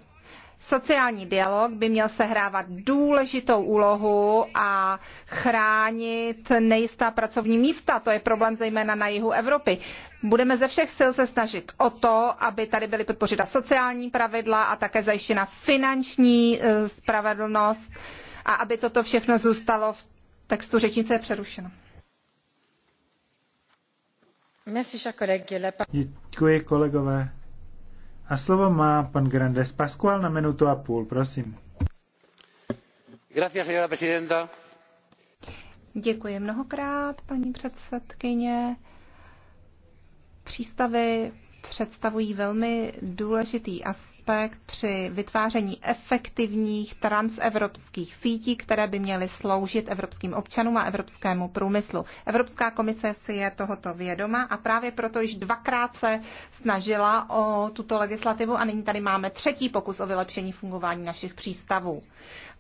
Sociální dialog by měl sehrávat důležitou úlohu a chránit nejistá pracovní místa. To je problém zejména na jihu Evropy. Budeme ze všech sil se snažit o to, aby tady byly podpořena sociální pravidla a také zajištěna finanční eh, spravedlnost a aby toto všechno zůstalo v textu řečnice je přerušeno. Děkuji kolegové. A slovo má pan Grandes Pascual na minutu a půl, prosím. Gracias, señora presidenta. Děkuji mnohokrát, paní předsedkyně. Přístavy představují velmi důležitý aspekt aspekt při vytváření efektivních transevropských sítí, které by měly sloužit evropským občanům a evropskému průmyslu. Evropská komise si je tohoto vědoma a právě proto již dvakrát se snažila o tuto legislativu a nyní tady máme třetí pokus o vylepšení fungování našich přístavů.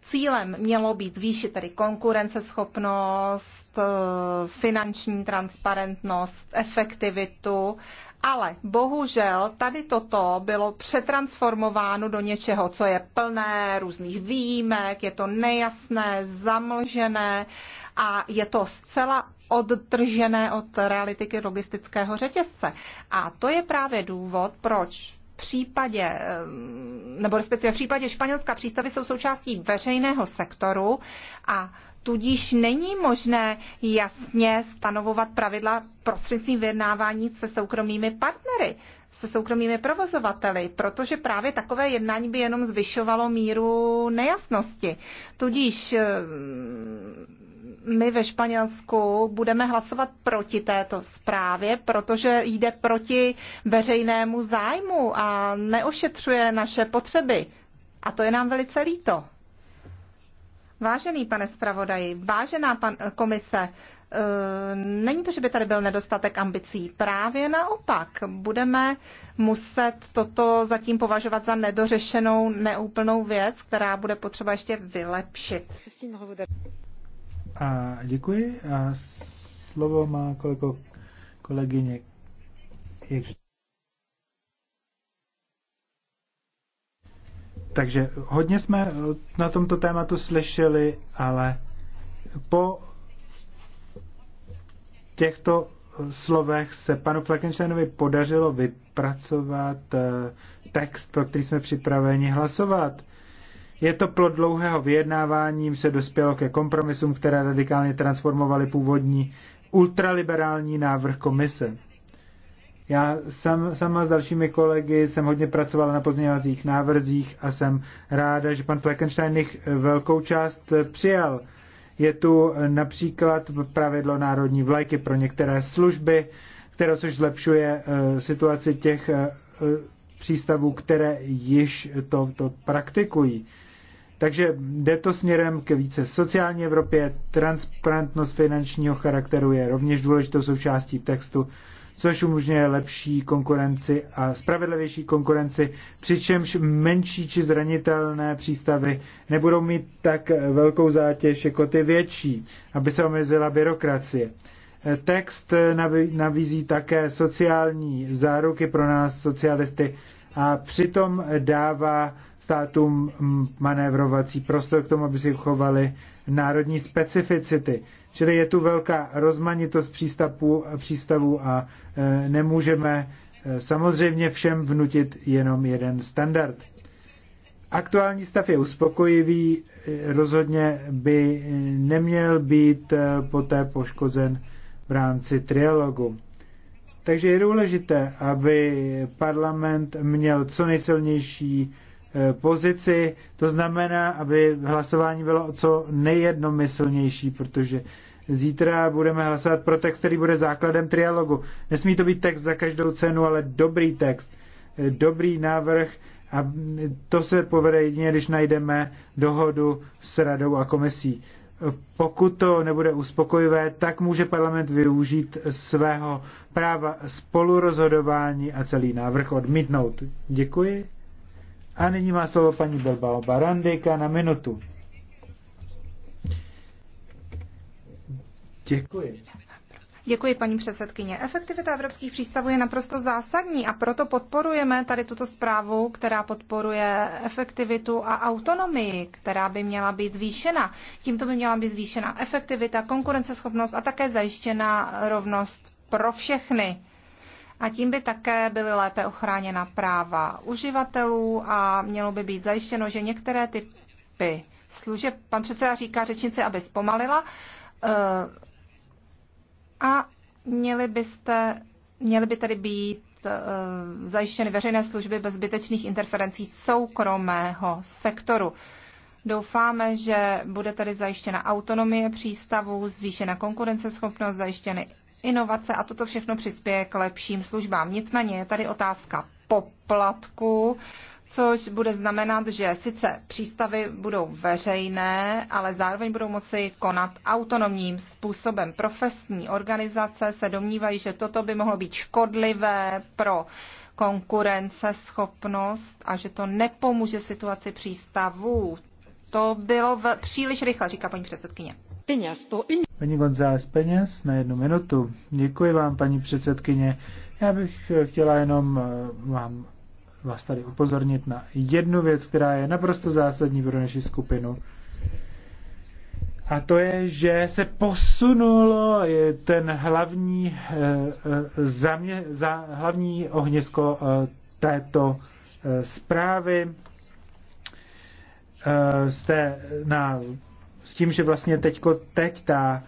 Cílem mělo být zvýšit tedy konkurenceschopnost, spravedlnost, eh, finanční transparentnost, efektivitu, ale bohužel tady toto bylo přetransformováno do něčeho, co je plné různých výjimek, je to nejasné, zamlžené a je to zcela odtržené od realitiky logistického řetězce. A to je právě důvod, proč případě, eh, nebo respektive v případě Španělska přístavy jsou součástí veřejného sektoru a Tudíž není možné jasně stanovovat pravidla prostřednictvím vyjednávání se soukromými partnery, se soukromými provozovateli, protože právě takové jednání by jenom zvyšovalo míru nejasnosti. Tudíž eh, my ve Španělsku budeme hlasovat proti této zprávě, protože jde proti veřejnému zájmu a neošetřuje naše potřeby. A to je nám velice líto. Vážený pane zpravodaji, vážená pan, eh, komise, eh, není to, že by tady byl nedostatek ambicí. Právě naopak, budeme muset toto zatím považovat za nedořešenou, neúplnou věc, která bude potřeba ještě vylepšit. A děkuji. A slovo má kolego, kolegyně. Jak... Takže hodně jsme eh, na tomto tématu slyšeli, ale po těchto eh, slovech se panu Fleckensteinovi podařilo vypracovat eh, text, pro který jsme připraveni hlasovat. Je to plod dlouhého vyjednávání, se dospělo ke kompromisům, které radikálně transformovaly původní ultraliberální návrh komise. Já sam, sama s dalšími kolegy jsem hodně pracovala na pozměňovacích návrzích a jsem ráda, že pan Fleckenstein jich eh, velkou část eh, přijal. Je tu eh, například pravidlo národní vlajky pro některé služby, které což zlepšuje situaci těch přístavů, které již to, to praktikují. Takže jde to směrem k více sociální Evropě. Transparentnost finančního charakteru je rovněž důležitou součástí textu což umožňuje lepší konkurenci a spravedlivější konkurenci, přičemž menší či zranitelné přístavy nebudou mít tak velkou zátěž jako ty větší, aby se omezila byrokracie. Text nabízí také sociální záruky pro nás, socialisty, a přitom dává státům manévrovací prostor k tomu, aby si chovali národní specificity. Čili je tu velká rozmanitost přístavů, přístavů a e, nemůžeme e, samozřejmě všem vnutit jenom jeden standard. Aktuální stav je uspokojivý, e, rozhodně by neměl být poté poškozen v rámci trialogu. Takže je důležité, aby parlament měl co nejsilnější Eh, pozici. To znamená, aby hlasování bylo co nejjednomyslnější, protože zítra budeme hlasovat pro text, který bude základem trialogu. Nesmí to být text za každou cenu, ale dobrý text, eh, dobrý návrh a to se povede jedině, když najdeme dohodu s radou a komisí. Pokud to nebude uspokojivé, tak může parlament využít svého práva spolurozhodování a celý návrh odmítnout. Děkuji. A nyní má slovo paní Bilbao Barandejka na minutu. Děkuji. Děkuji, paní předsedkyně. Efektivita evropských přístavů je naprosto zásadní a proto podporujeme tady tuto zprávu, která podporuje efektivitu a autonomii, která by měla být zvýšena. Tímto by měla být zvýšena efektivita, konkurenceschopnost a také zajištěna rovnost pro všechny a tím by také byly lépe ochráněna práva uživatelů a mělo by být zajištěno, že některé typy služeb, pan předseda říká řečnici, aby zpomalila, eh, a měli byste, měli by tedy být eh, zajištěny veřejné služby bez zbytečných interferencí soukromého sektoru. Doufáme, že bude tady zajištěna autonomie přístavů, zvýšena konkurenceschopnost, zajištěny inovace a toto všechno přispěje k lepším službám. Nicméně je tady otázka poplatku, což bude znamenat, že sice přístavy budou veřejné, ale zároveň budou moci konat autonomním způsobem. Profesní organizace se domnívají, že toto by mohlo být škodlivé pro konkurenceschopnost a že to nepomůže situaci přístavů. To bylo v... příliš rychle, říká paní předsedkyně. Pani González Peněz na jednu minutu. Děkuji vám, paní předsedkyně. Já bych eh, chtěla jenom eh, vám vás tady upozornit na jednu věc, která je naprosto zásadní pro naši skupinu. A to je, že se posunulo ten hlavní, eh, zamě, za, hlavní ohnisko této zprávy jste na tím, že vlastně teďko, teď ta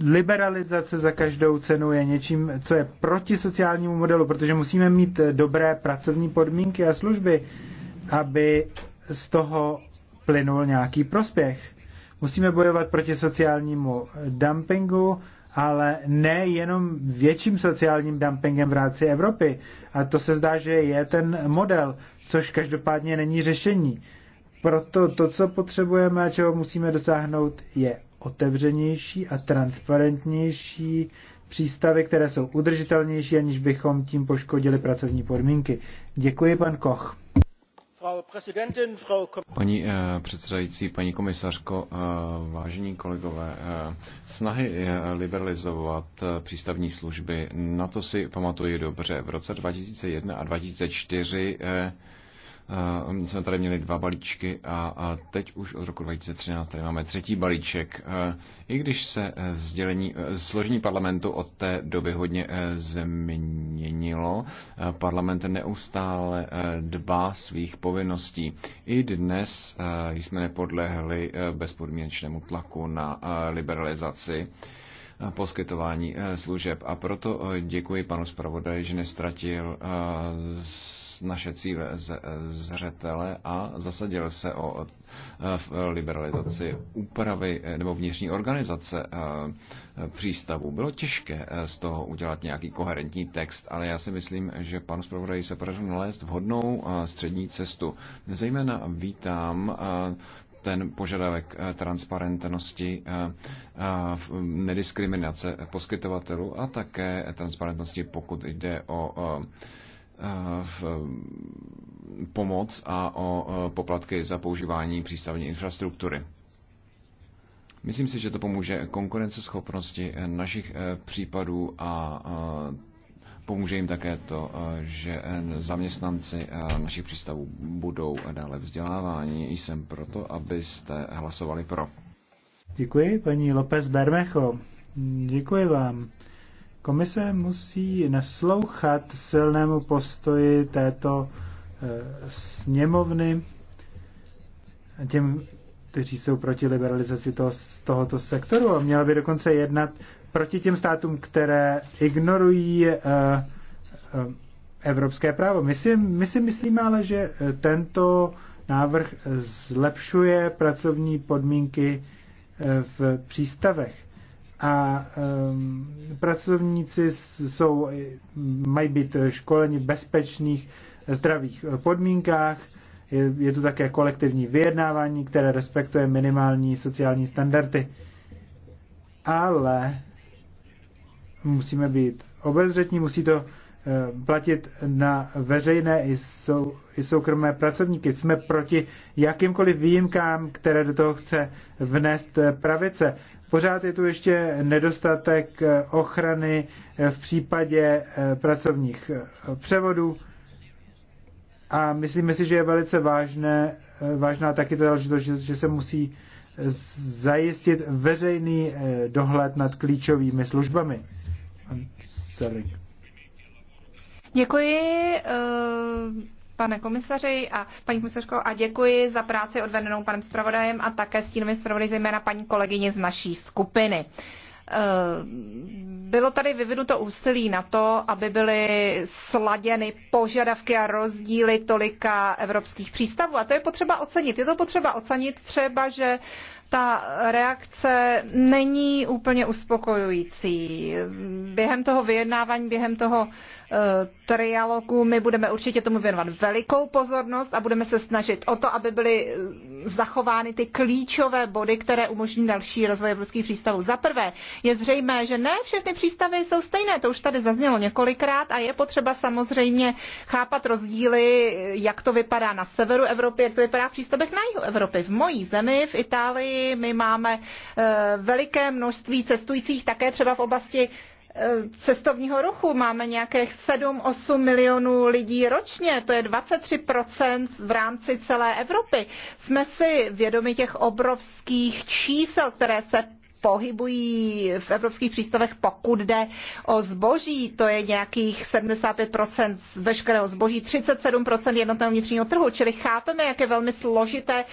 liberalizace za každou cenu je něčím, co je proti sociálnímu modelu, protože musíme mít eh, dobré pracovní podmínky a služby, aby z toho plynul nějaký prospěch. Musíme bojovat proti sociálnímu eh, dumpingu, ale ne jenom větším sociálním dumpingem v rámci Evropy. A to se zdá, že je ten model, což každopádně není řešení. Proto to, co potřebujeme a čeho musíme dosáhnout, je otevřenější a transparentnější přístavy, které jsou udržitelnější, aniž bychom tím poškodili pracovní podmínky. Děkuji, pan Koch. Paní eh, předsedající, paní komisařko, eh, vážení kolegové, eh, snahy liberalizovat přístavní služby, na to si pamatuju dobře. V roce 2001 a 2004 Eh, jsme tady měli dva balíčky a, a teď už od roku 2013 tady máme třetí balíček. Eh, I když se eh, sdělení, složení parlamentu od té doby hodně změnilo, parlament neustále dbá svých povinností. I dnes jsme nepodlehli bezpodmínečnému tlaku na liberalizaci poskytování služeb. A proto děkuji panu zpravodaji, že nestratil naše cíle z zřetele a zasadil se o liberalizaci úpravy eh, nebo vnitřní organizace eh, přístavu. Bylo těžké eh, z toho udělat nějaký koherentní text, ale já si myslím, že panu zpravodaji se podařilo nalézt vhodnou střední cestu. Zejména vítám ten požadavek transparentnosti, nediskriminace poskytovatelů a také transparentnosti, pokud jde o Eh, pomoc a o eh, poplatky za používání přístavní infrastruktury. Myslím si, že to pomůže konkurenceschopnosti eh, našich případů a pomůže jim také to, že zaměstnanci našich přístavů budou dále vzděláváni. Jsem proto, abyste hlasovali pro. Děkuji, paní López Bermecho. Děkuji vám. Komise musí naslouchat silnému postoji této eh, sněmovny těm, kteří jsou proti liberalizaci toho, tohoto sektoru a měla by dokonce jednat proti těm státům, které ignorují eh, eh, evropské právo. My si, my si myslíme ale, že tento návrh zlepšuje pracovní podmínky v přístavech a um, pracovníci jsou, mají být školeni v bezpečných, zdravých eh, podmínkách. Je, je tu také kolektivní vyjednávání, které respektuje minimální sociální standardy. Ale musíme být obezřetní, musí to eh, platit na veřejné i, sou, i soukromé pracovníky. Jsme proti jakýmkoliv výjimkám, které do toho chce vnést eh, pravice. Pořád je tu ještě nedostatek eh, ochrany eh, v případě eh, pracovních převodů a myslíme si, že je velice vážné, vážná taky ta záležitost, že, že se musí zajistit veřejný dohled nad klíčovými službami. Děkuji pane komisaři a paní komisařko a děkuji za práci odvedenou panem zpravodajem a také stínovým zpravodaj zejména paní kolegyně z naší skupiny. Eh, bylo tady vyvinuto úsilí na to, aby byly sladěny požadavky a rozdíly tolika evropských přístavů. A to je potřeba ocenit. Je to potřeba ocenit třeba, že ta reakce není úplně uspokojující. Během toho vyjednávání, během toho Eh, trialogu. My budeme určitě tomu věnovat velikou pozornost a budeme se snažit o to, aby byly eh, zachovány ty klíčové body, které umožní další rozvoj evropských přístavů. Za prvé, je zřejmé, že ne všechny přístavy jsou stejné, to už tady zaznělo několikrát a je potřeba samozřejmě chápat rozdíly, eh, jak to vypadá na severu Evropy, jak to vypadá v přístavech na jihu Evropy. V mojí zemi, v Itálii, my máme veliké množství cestujících také třeba v oblasti Eh, cestovního ruchu. Máme nějakých 7-8 milionů lidí ročně, to je 23% v rámci celé Evropy. Jsme si vědomi těch obrovských čísel, které se pohybují v evropských přístavech, pokud jde o zboží. To je nějakých 75% veškerého zboží, 37% jednotného vnitřního trhu. Čili chápeme, jak je velmi složité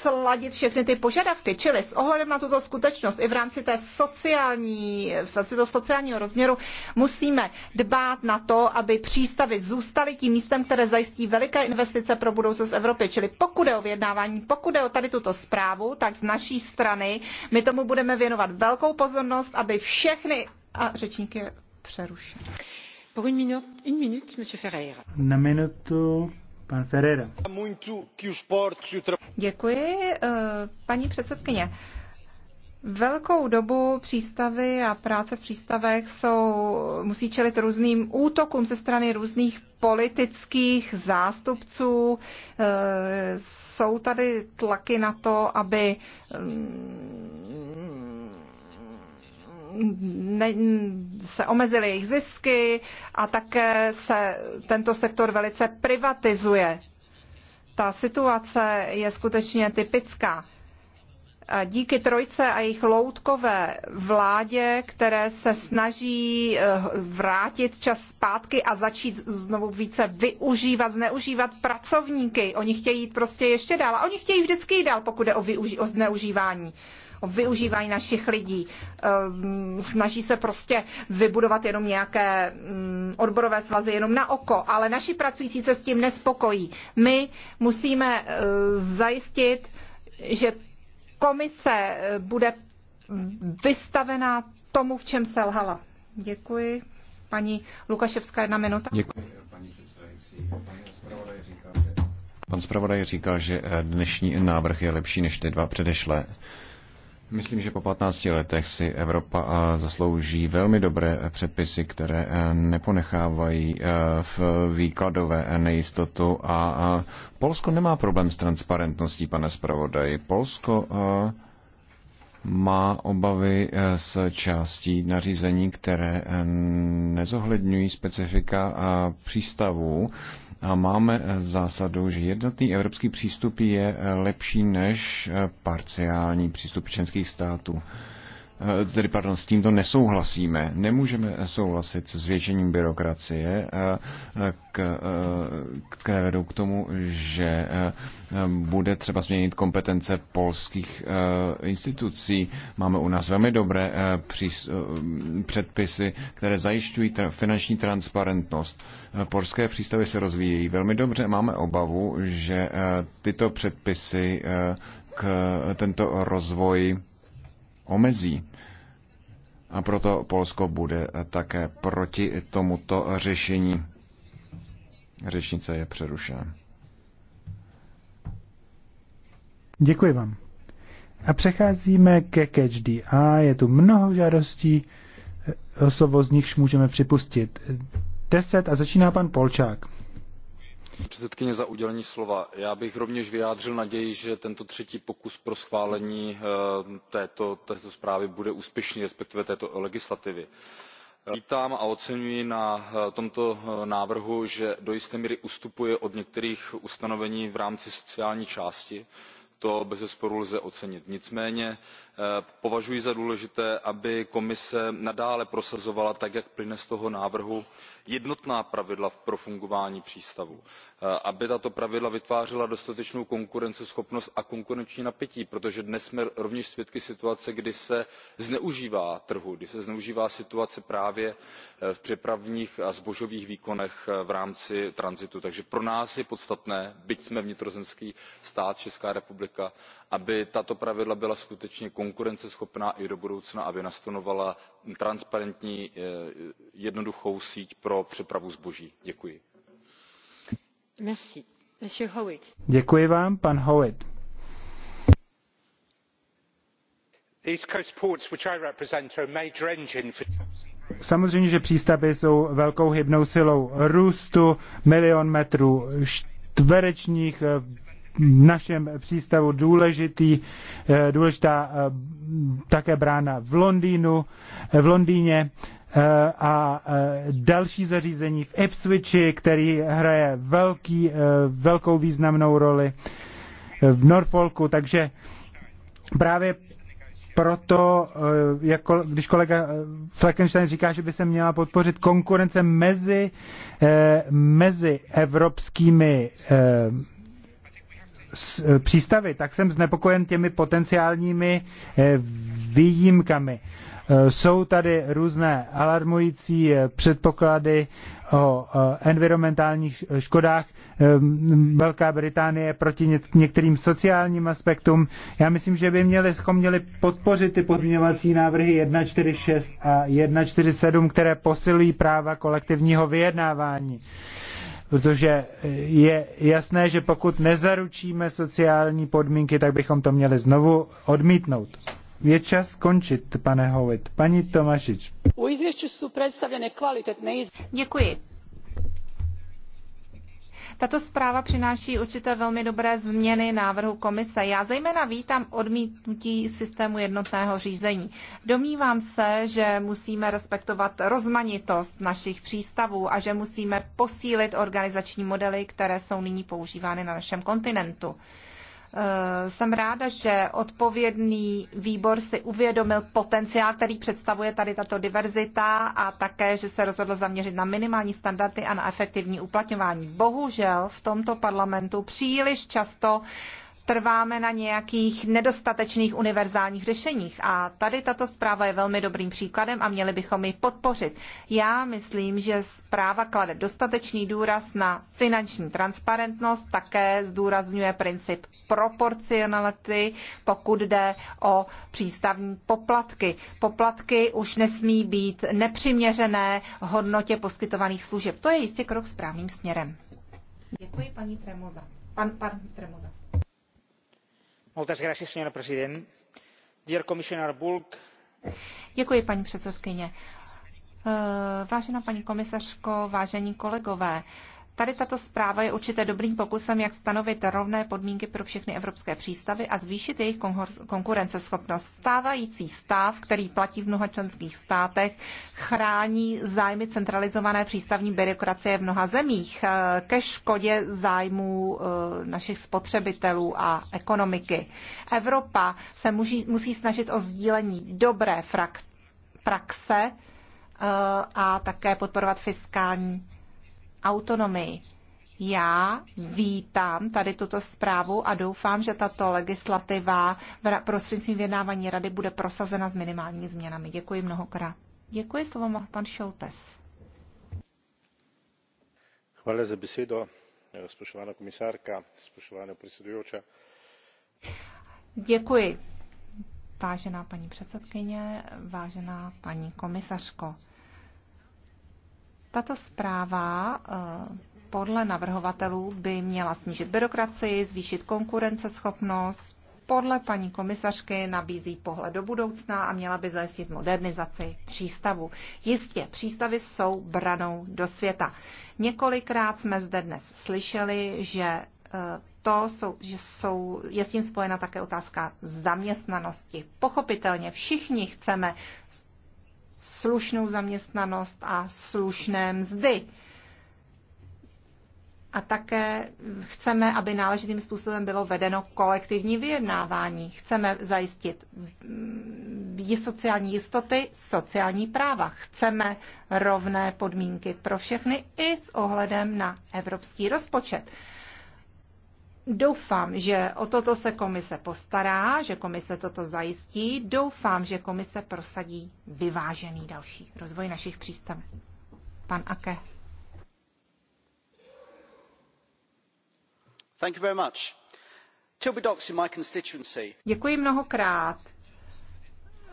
sladit všechny ty požadavky. Čili s ohledem na tuto skutečnost i v rámci té sociální, v rámci toho sociálního rozměru musíme dbát na to, aby přístavy zůstaly tím místem, které zajistí veliké investice pro budoucnost Evropy. Čili pokud je o vyjednávání, pokud je o tady tuto zprávu, tak z naší strany my tomu budeme věnovat velkou pozornost, aby všechny a minute, monsieur Ferreira. Na minutu Pan Ferreira. E Děkuji, eh, paní předsedkyně. Velkou dobu přístavy a práce v přístavech jsou, musí čelit různým útokům ze strany různých politických zástupců. Eh, jsou tady tlaky na to, aby mm, ne, se omezily jejich zisky a také se tento sektor velice privatizuje. Ta situace je skutečně typická. Díky trojce a jejich loutkové vládě, které se snaží eh, vrátit čas zpátky a začít znovu více využívat, zneužívat pracovníky. Oni chtějí jít prostě ještě dál a oni chtějí vždycky jít dál, pokud jde o, využi- o zneužívání využívají našich lidí. Ehm, snaží se prostě vybudovat jenom nějaké mm, odborové svazy jenom na oko, ale naši pracující se s tím nespokojí. My musíme eh, zajistit, že komise eh, bude vystavená tomu, v čem selhala. Děkuji. Paní Lukaševská, jedna minuta. Děkuji. Pan zpravodaj říkal, že eh, dnešní návrh je lepší než ty dva předešlé. Myslím, že po 15 letech si Evropa eh, zaslouží velmi dobré eh, předpisy, které eh, neponechávají v výkladové nejistotu a Polsko nemá problém s transparentností, pane zpravodaji. Polsko má obavy s částí nařízení, které nezohledňují specifika přístavů a máme eh, zásadu, že jednotný evropský přístup je eh, lepší než eh, parciální přístup členských států. Eh, tedy pardon, s tímto nesouhlasíme. Nemůžeme souhlasit s zvětšením byrokracie, eh, k, eh, které vedou k tomu, že bude třeba změnit kompetence polských institucí. Máme u nás velmi dobré předpisy, které zajišťují finanční transparentnost. Polské přístavy se rozvíjejí velmi dobře. Máme obavu, že tyto předpisy k tento rozvoj omezí. A proto Polsko bude také proti tomuto řešení. Řečnice je přerušena. Děkuji vám. A přecházíme ke Catch A Je tu mnoho žádostí, eh, slovo z nichž můžeme připustit. 10 a začíná pan Polčák předsedkyně za slova. já bych rovněž vyjádřil naději že tento třetí pokus pro schválení eh, této zprávy bude úspěšný respektive této legislativy. vítám a oceňuji na eh, tomto eh, návrhu že do jisté míry ustupuje od některých ustanovení v rámci sociální části to bezesporu lze ocenit. nicméně Eh, považuji za důležité aby komise nadále prosazovala tak jak plyne z toho návrhu jednotná pravidla pro fungování přístavů eh, aby tato pravidla vytvářela dostatečnou konkurenceschopnost a konkurenční napětí protože dnes jsme rovněž svědky situace kdy se zneužívá trhu kdy se zneužívá situace právě eh, v přepravních a zbožových výkonech v rámci tranzitu. takže pro nás je podstatné byť jsme vnitrozemský stát česká republika aby tato pravidla byla skutečně konkurenceschopná i do budoucna aby nastonovala transparentní eh, jednoduchou síť pro přepravu zboží. děkuji. děkuji vám, Howitt. Samozřejmě, že přístavy jsou velkou hybnou silou růstu, milion metrů čtverečních eh, našem přístavu důležitý, eh, důležitá eh, také brána v Londýnu, eh, v Londýně a další zařízení v Ipswichi, který hraje velký, velkou významnou roli v Norfolku, takže právě proto, jako když kolega Fleckenstein říká, že by se měla podpořit konkurence mezi, mezi evropskými Eh, přístavy, tak jsem znepokojen těmi potenciálními eh, výjimkami. Eh, jsou tady různé alarmující předpoklady o environmentálních škodách. Velká Británie je proti některým sociálním aspektům. Já myslím, že by měli, měli podpořit ty pozměňovací návrhy 146 a 147, které posilují práva kolektivního vyjednávání protože je jasné, že pokud nezaručíme sociální podmínky, tak bychom to měli znovu odmítnout. Je čas končit, pane Hovit. Paní Tomašič. U jsou představeny kvalitetné Děkuji. Tato zpráva přináší určité velmi dobré změny návrhu komise. Já zejména vítám odmítnutí systému jednotného řízení. Domnívám se, že musíme respektovat rozmanitost našich přístavů a že musíme posílit organizační modely, které jsou nyní používány na našem kontinentu. Eh, jsem ráda, že odpovědný výbor si uvědomil potenciál, který představuje tady tato diverzita a také, že se rozhodl zaměřit na minimální standardy a na efektivní uplatňování. Bohužel v tomto parlamentu příliš často trváme na nějakých nedostatečných univerzálních řešeních. A tady tato zpráva je velmi dobrým příkladem a měli bychom ji podpořit. Já myslím, že zpráva klade dostatečný důraz na finanční transparentnost, také zdůrazňuje princip proporcionality, pokud jde o přístavní poplatky. Poplatky už nesmí být nepřiměřené hodnotě poskytovaných služeb. To je jistě krok správným směrem. Děkuji paní Tremoza. Pan, pan Tremoza. Děkuji, paní předsedkyně. Eh, vážená paní komisařko, vážení kolegové, Tady tato zpráva je určitě dobrým pokusem, jak stanovit rovné podmínky pro všechny evropské přístavy a zvýšit jejich konkurenceschopnost. Stávající stav, který platí v mnoha členských státech, chrání zájmy centralizované přístavní byrokracie v mnoha zemích eh, ke škodě zájmů eh, našich spotřebitelů a ekonomiky. Evropa se musí, musí snažit o sdílení dobré frak, praxe eh, a také podporovat fiskální autonomii. Já vítám tady tuto zprávu a doufám, že tato legislativa v prostřednictvím vyjednávání rady bude prosazena s minimálními změnami. Děkuji mnohokrát. Děkuji, slovo má pan Šoltes. Chvále za besedo, spoštovaná komisárka, spoštovaná predsedujoča. Děkuji, vážená paní předsedkyně, vážená paní komisařko. Tato zpráva eh, podle navrhovatelů by měla snížit byrokracii, zvýšit konkurenceschopnost, podle paní komisařky nabízí pohled do budoucna a měla by zajistit modernizaci přístavu. Jistě, přístavy jsou branou do světa. Několikrát jsme zde dnes slyšeli, že eh, to jsou, že jsou, je s tím spojena také otázka zaměstnanosti. Pochopitelně všichni chceme slušnou zaměstnanost a slušné mzdy. A také chceme, aby náležitým způsobem bylo vedeno kolektivní vyjednávání. Chceme zajistit mm, sociální jistoty, sociální práva. Chceme rovné podmínky pro všechny i s ohledem na evropský rozpočet. Doufám, že o toto se komise postará, že komise toto zajistí. Doufám, že komise prosadí vyvážený další rozvoj našich přístavů. Pan Ake. Thank you very much. Děkuji mnohokrát.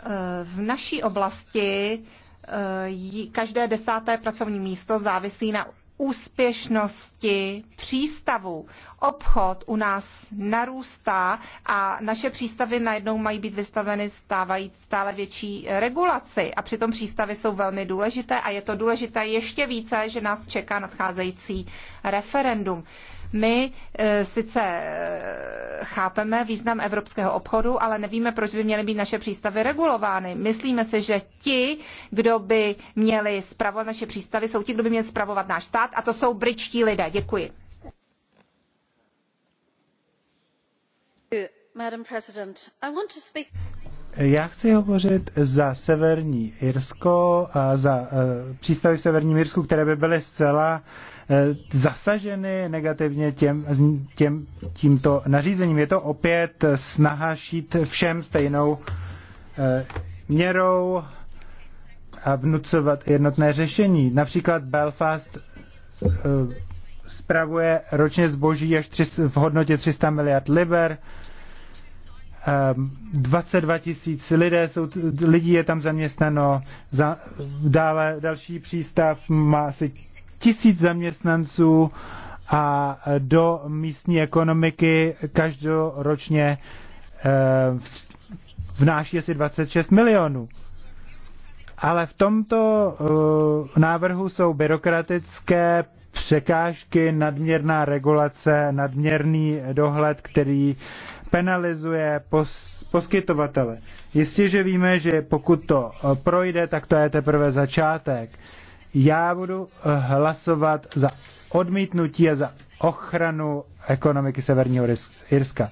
Eh, v naší oblasti eh, každé desáté pracovní místo závisí na úspěšnosti přístavů. Obchod u nás narůstá a naše přístavy najednou mají být vystaveny stávají stále větší regulaci a přitom přístavy jsou velmi důležité a je to důležité ještě více, že nás čeká nadcházející referendum. My eh, sice eh, chápeme význam evropského obchodu, ale nevíme, proč by měly být naše přístavy regulovány. Myslíme si, že ti, kdo by měli spravovat naše přístavy, jsou ti, kdo by měli spravovat náš stát a to jsou britští lidé. Děkuji. Já chci hovořit za Severní Irsko a za uh, přístavy v Severním Irsku, které by byly zcela uh, zasaženy negativně těm, těm, tímto nařízením. Je to opět snaha šít všem stejnou uh, měrou a vnucovat jednotné řešení. Například Belfast uh, spravuje ročně zboží až 300, v hodnotě 300 miliard liber. Uh, 22 ehm, tisíc lidé jsou, lidí je tam zaměstnáno, za, dále další přístav má asi tisíc zaměstnanců a do místní ekonomiky každoročně ehm, vnáší asi 26 milionů. Ale v tomto eh, návrhu jsou byrokratické překážky, nadměrná regulace, nadměrný dohled, který penalizuje pos, poskytovatele. Jistě, že víme, že pokud to eh, projde, tak to je teprve začátek. Já budu eh, hlasovat za odmítnutí a za ochranu ekonomiky Severního Irska.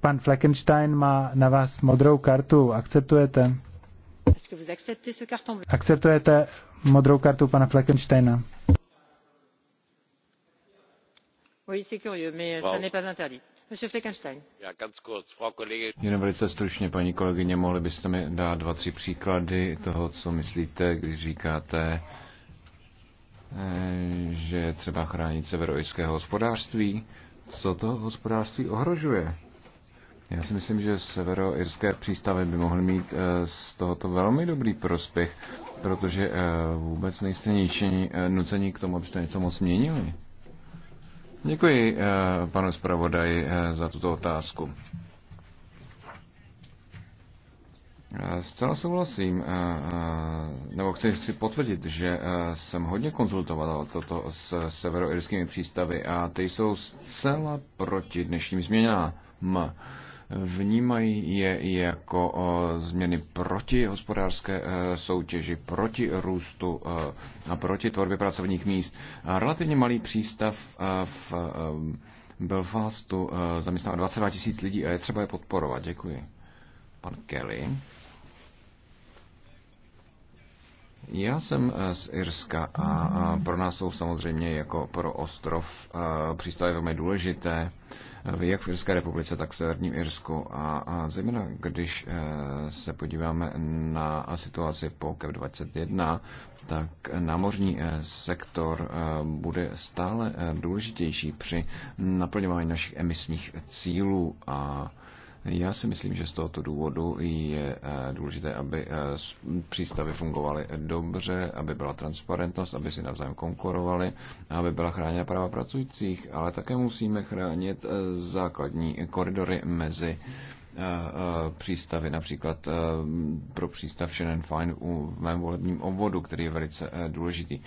Pan Fleckenstein má na vás modrou kartu. Akceptujete? Akceptujete modrou kartu pana Fleckensteina? Euh, Jen velice stručně, paní kolegyně, mohli byste mi dát dva, tři příklady toho, co myslíte, když říkáte, eh, že třeba chránit severoiského hospodářství. Co to hospodářství ohrožuje? Já si myslím, že severoirské přístavy by mohly mít eh, z tohoto velmi dobrý prospěch, protože eh, vůbec nejste ničení, nuceni k tomu, abyste něco moc měnili. Děkuji eh, panu zpravodaji eh, za tuto otázku. Eh, zcela souhlasím, nebo chci, chci potvrdit, že jsem hodně konzultoval toto s severoirskými přístavy a ty jsou zcela proti dnešním změnám vnímají je jako změny proti hospodářské e, soutěži, proti růstu e, a proti tvorbě pracovních míst. relativně malý přístav e, v Belfastu zaměstnává 22 tisíc lidí a je třeba je podporovat. Děkuji. Pan Kelly. Já jsem eh, z Irska a pro nás jsou samozřejmě jako pro ostrov eh, přístavy velmi důležité, eh, jak v Irské republice, tak v Severním Irsku. A zejména když se podíváme na situaci po COP21, tak námořní sektor bude stále důležitější při naplňování našich emisních cílů a já si myslím, že z tohoto důvodu je eh, důležité, aby eh, přístavy fungovaly dobře, aby byla transparentnost, aby si navzájem konkurovaly, aby byla chráněna práva pracujících, ale také musíme chránit eh, základní koridory mezi Eh, eh, přístavy, například eh, pro přístav Shannon Fine v mém volebním obvodu, který je velice důležitý.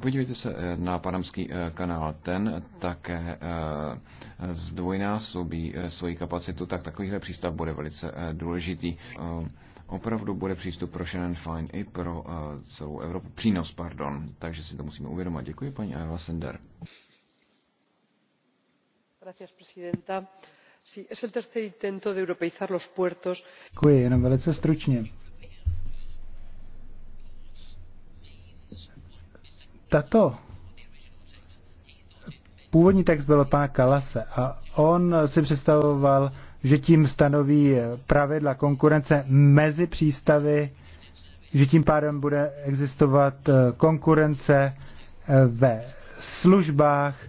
Podívejte se na panamský kanál. Ten také zdvojnásobí svoji kapacitu, tak takovýhle přístav bude velice důležitý. Opravdu bude přístup pro Shannon Fine i pro celou Evropu. Přínos, pardon. Takže si to musíme uvědomit. Děkuji, paní Ayala Sender. Gracias, presidenta jenom velice stručně. Tato původní text byl pana Kalase a on si představoval, že tím stanoví pravidla konkurence mezi přístavy, že tím pádem bude existovat eh, konkurence eh, ve službách,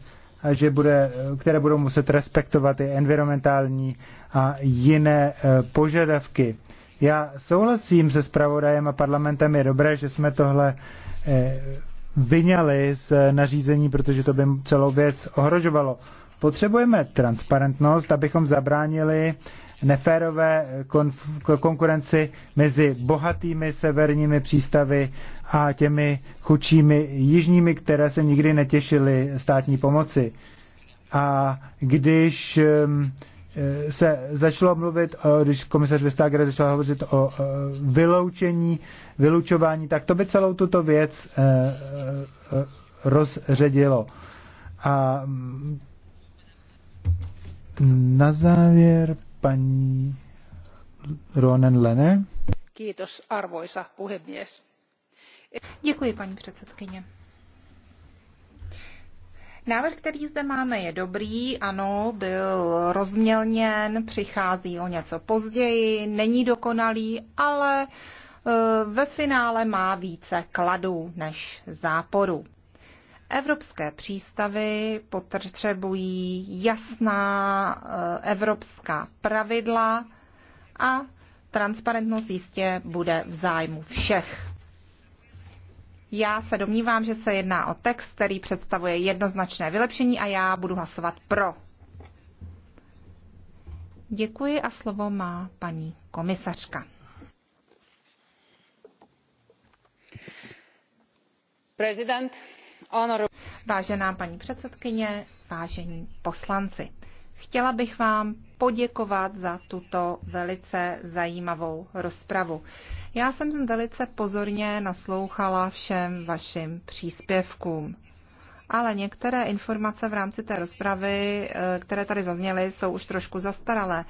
že bude, které budou muset respektovat i environmentální a jiné eh, požadavky. Já souhlasím se zpravodajem a parlamentem, je dobré, že jsme tohle eh, vyňali z eh, nařízení, protože to by celou věc ohrožovalo. Potřebujeme transparentnost, abychom zabránili neférové konkurenci mezi bohatými severními přístavy a těmi chudšími jižními, které se nikdy netěšily státní pomoci. A když e, se začalo mluvit, když komisař Vestager začal hovořit o e, vyloučení, vylučování, tak to by celou tuto věc e, rozředilo. A mm, na závěr paní Ronen Lene. Kiitos, arvoisa puhemies. Děkuji, paní předsedkyně. Návrh, který zde máme, je dobrý, ano, byl rozmělněn, přichází o něco později, není dokonalý, ale eh, ve finále má více kladů než záporů. Evropské přístavy potřebují jasná eh, evropská pravidla a transparentnost jistě bude v zájmu všech. Já se domnívám, že se jedná o text, který představuje jednoznačné vylepšení a já budu hlasovat pro. Děkuji a slovo má paní komisařka. Prezident Vážená paní předsedkyně, vážení poslanci, chtěla bych vám poděkovat za tuto velice zajímavou rozpravu. Já jsem velice pozorně naslouchala všem vašim příspěvkům. Ale některé informace v rámci té rozpravy, eh, které tady zazněly, jsou už trošku zastaralé.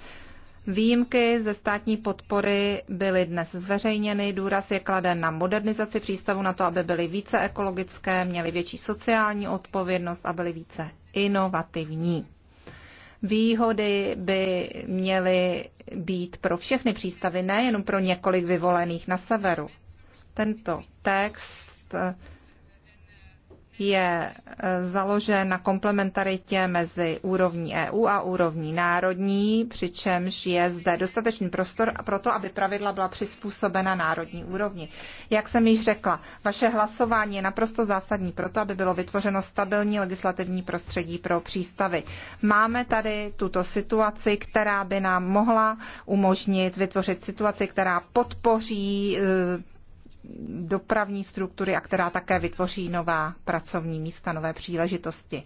Výjimky ze státní podpory byly dnes zveřejněny. Důraz je kladen na modernizaci přístavu, na to, aby byly více ekologické, měly větší sociální odpovědnost a byly více inovativní. Výhody by měly být pro všechny přístavy, nejenom pro několik vyvolených na severu. Tento text je eh, založen na komplementaritě mezi úrovní EU a úrovní národní, přičemž je zde dostatečný prostor pro to, aby pravidla byla přizpůsobena národní úrovni. Jak jsem již řekla, vaše hlasování je naprosto zásadní pro to, aby bylo vytvořeno stabilní legislativní prostředí pro přístavy. Máme tady tuto situaci, která by nám mohla umožnit vytvořit situaci, která podpoří eh, dopravní struktury a která také vytvoří nová pracovní místa, nové příležitosti.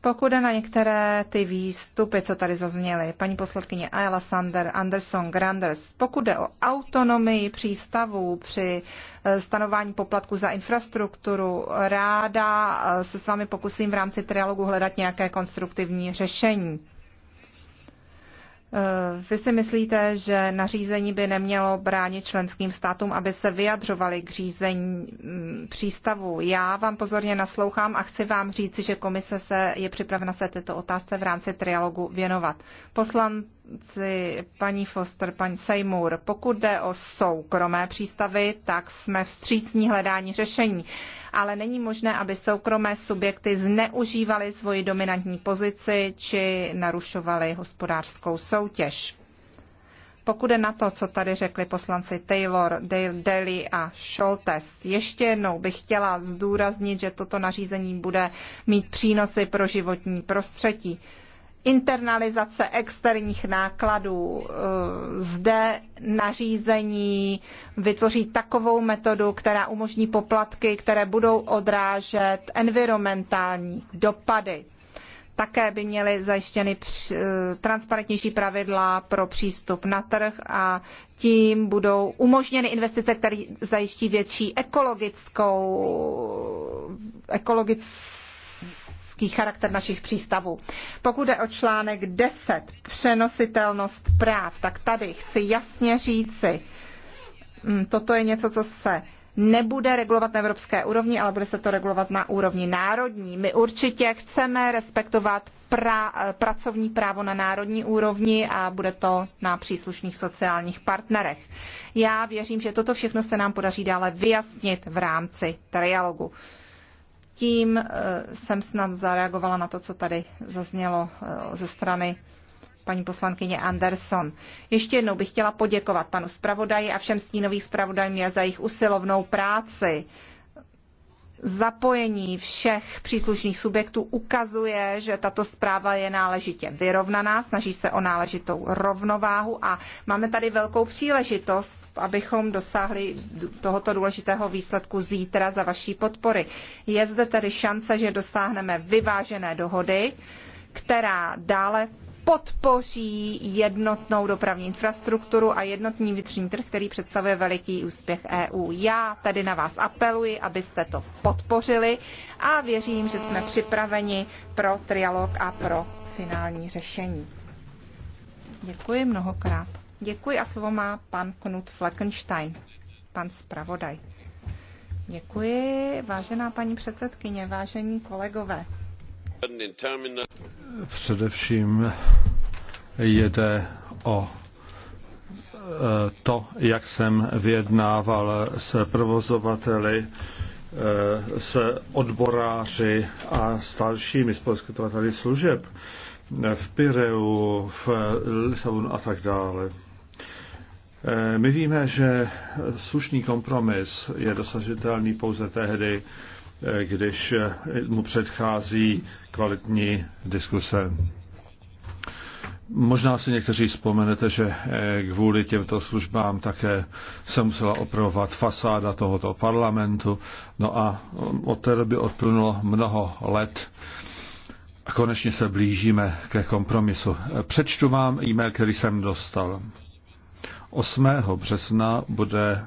Pokud na některé ty výstupy, co tady zazněly, paní poslankyně Ayala Sander, Anderson, Granders, pokud jde o autonomii přístavů při eh, stanování poplatku za infrastrukturu, ráda eh, se s vámi pokusím v rámci trialogu hledat nějaké konstruktivní řešení. Eh, vy si myslíte, že nařízení by nemělo bránit členským státům, aby se vyjadřovali k řízení mm, přístavu? Já vám pozorně naslouchám a chci vám říci, že komise se je připravena se této otázce v rámci trialogu věnovat. Poslanci paní Foster, paní Seymour, pokud jde o soukromé přístavy, tak jsme vstřícní hledání řešení ale není možné, aby soukromé subjekty zneužívaly svoji dominantní pozici či narušovaly hospodářskou soutěž. Pokud je na to, co tady řekli poslanci Taylor, Daly a Scholtes, ještě jednou bych chtěla zdůraznit, že toto nařízení bude mít přínosy pro životní prostředí internalizace externích nákladů. Eh, zde nařízení vytvoří takovou metodu, která umožní poplatky, které budou odrážet environmentální dopady. Také by měly zajištěny eh, transparentnější pravidla pro přístup na trh a tím budou umožněny investice, které zajiští větší ekologickou, ekologickou evropský charakter našich přístavů. Pokud je o článek 10, přenositelnost práv, tak tady chci jasně říci, mm, toto je něco, co se nebude regulovat na evropské úrovni, ale bude se to regulovat na úrovni národní. My určitě chceme respektovat pra, eh, pracovní právo na národní úrovni a bude to na příslušných sociálních partnerech. Já věřím, že toto všechno se nám podaří dále vyjasnit v rámci trialogu. Tím eh, jsem snad zareagovala na to, co tady zaznělo eh, ze strany paní poslankyně Anderson. Ještě jednou bych chtěla poděkovat panu zpravodaji a všem stínovým zpravodajům za jejich usilovnou práci. Zapojení všech příslušných subjektů ukazuje, že tato zpráva je náležitě vyrovnaná, snaží se o náležitou rovnováhu a máme tady velkou příležitost abychom dosáhli tohoto důležitého výsledku zítra za vaší podpory. Je zde tedy šance, že dosáhneme vyvážené dohody, která dále podpoří jednotnou dopravní infrastrukturu a jednotný vnitřní trh, který představuje veliký úspěch EU. Já tedy na vás apeluji, abyste to podpořili a věřím, že jsme připraveni pro trialog a pro finální řešení. Děkuji mnohokrát. Děkuji a slovo má pan Knut Fleckenstein, pan zpravodaj. Děkuji, vážená paní předsedkyně, vážení kolegové. Především jde o e, to, jak jsem vyjednával s provozovateli, e, s odboráři a s dalšími poskytovateli služeb v Pireu, v Lisabonu a tak dále. Eh, my víme, že slušný kompromis je dosažitelný pouze tehdy, eh, když eh, mu předchází kvalitní diskuse. Možná si někteří vzpomenete, že kvůli těmto službám také se musela opravovat fasáda tohoto parlamentu. No a mm, od té doby odplnulo mnoho let. A konečně se blížíme ke kompromisu. Přečtu vám e-mail, který jsem dostal. 8. března bude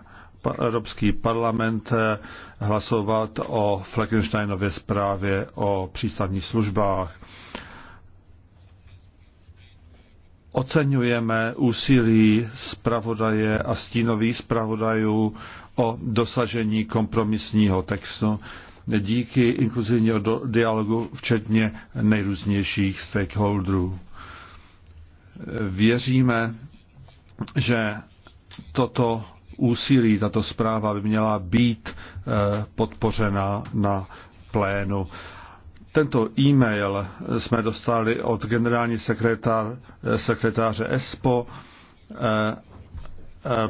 Evropský parlament eh, hlasovat o Fleckensteinově zprávě o přístavních službách. Oceňujeme úsilí zpravodaje a stínových zpravodajů o dosažení kompromisního textu díky inkluzivního dialogu, včetně nejrůznějších stakeholderů. Věříme, že toto úsilí, tato zpráva by měla být eh, podpořena na plénu. Tento e-mail jsme dostali od generální sekretář, eh, sekretáře ESPO, eh,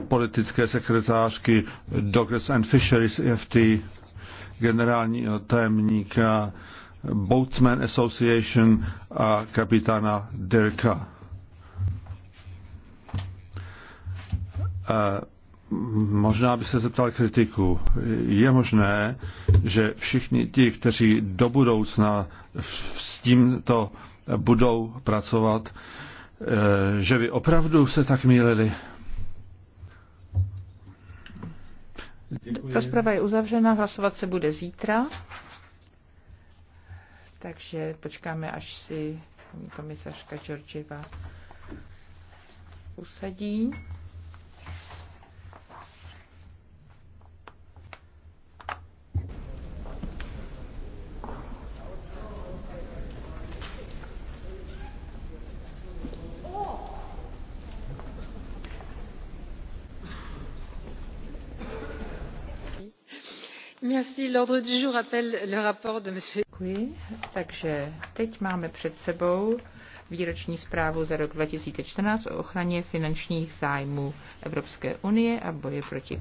politické sekretářky Douglas and Fisheries EFT, generálního tajemníka Boatsman Association a kapitána Dirka. Možná by se zeptal kritiku. Je možné, že všichni ti, kteří do budoucna s tímto budou pracovat, e, že by opravdu se tak mýlili? Rozprava je uzavřena, hlasovat se bude zítra. Takže počkáme, až si komisařka Georgieva usadí. Takže teď máme před sebou výroční zprávu za rok 2014 o ochraně finančních zájmů Evropské unie a boje proti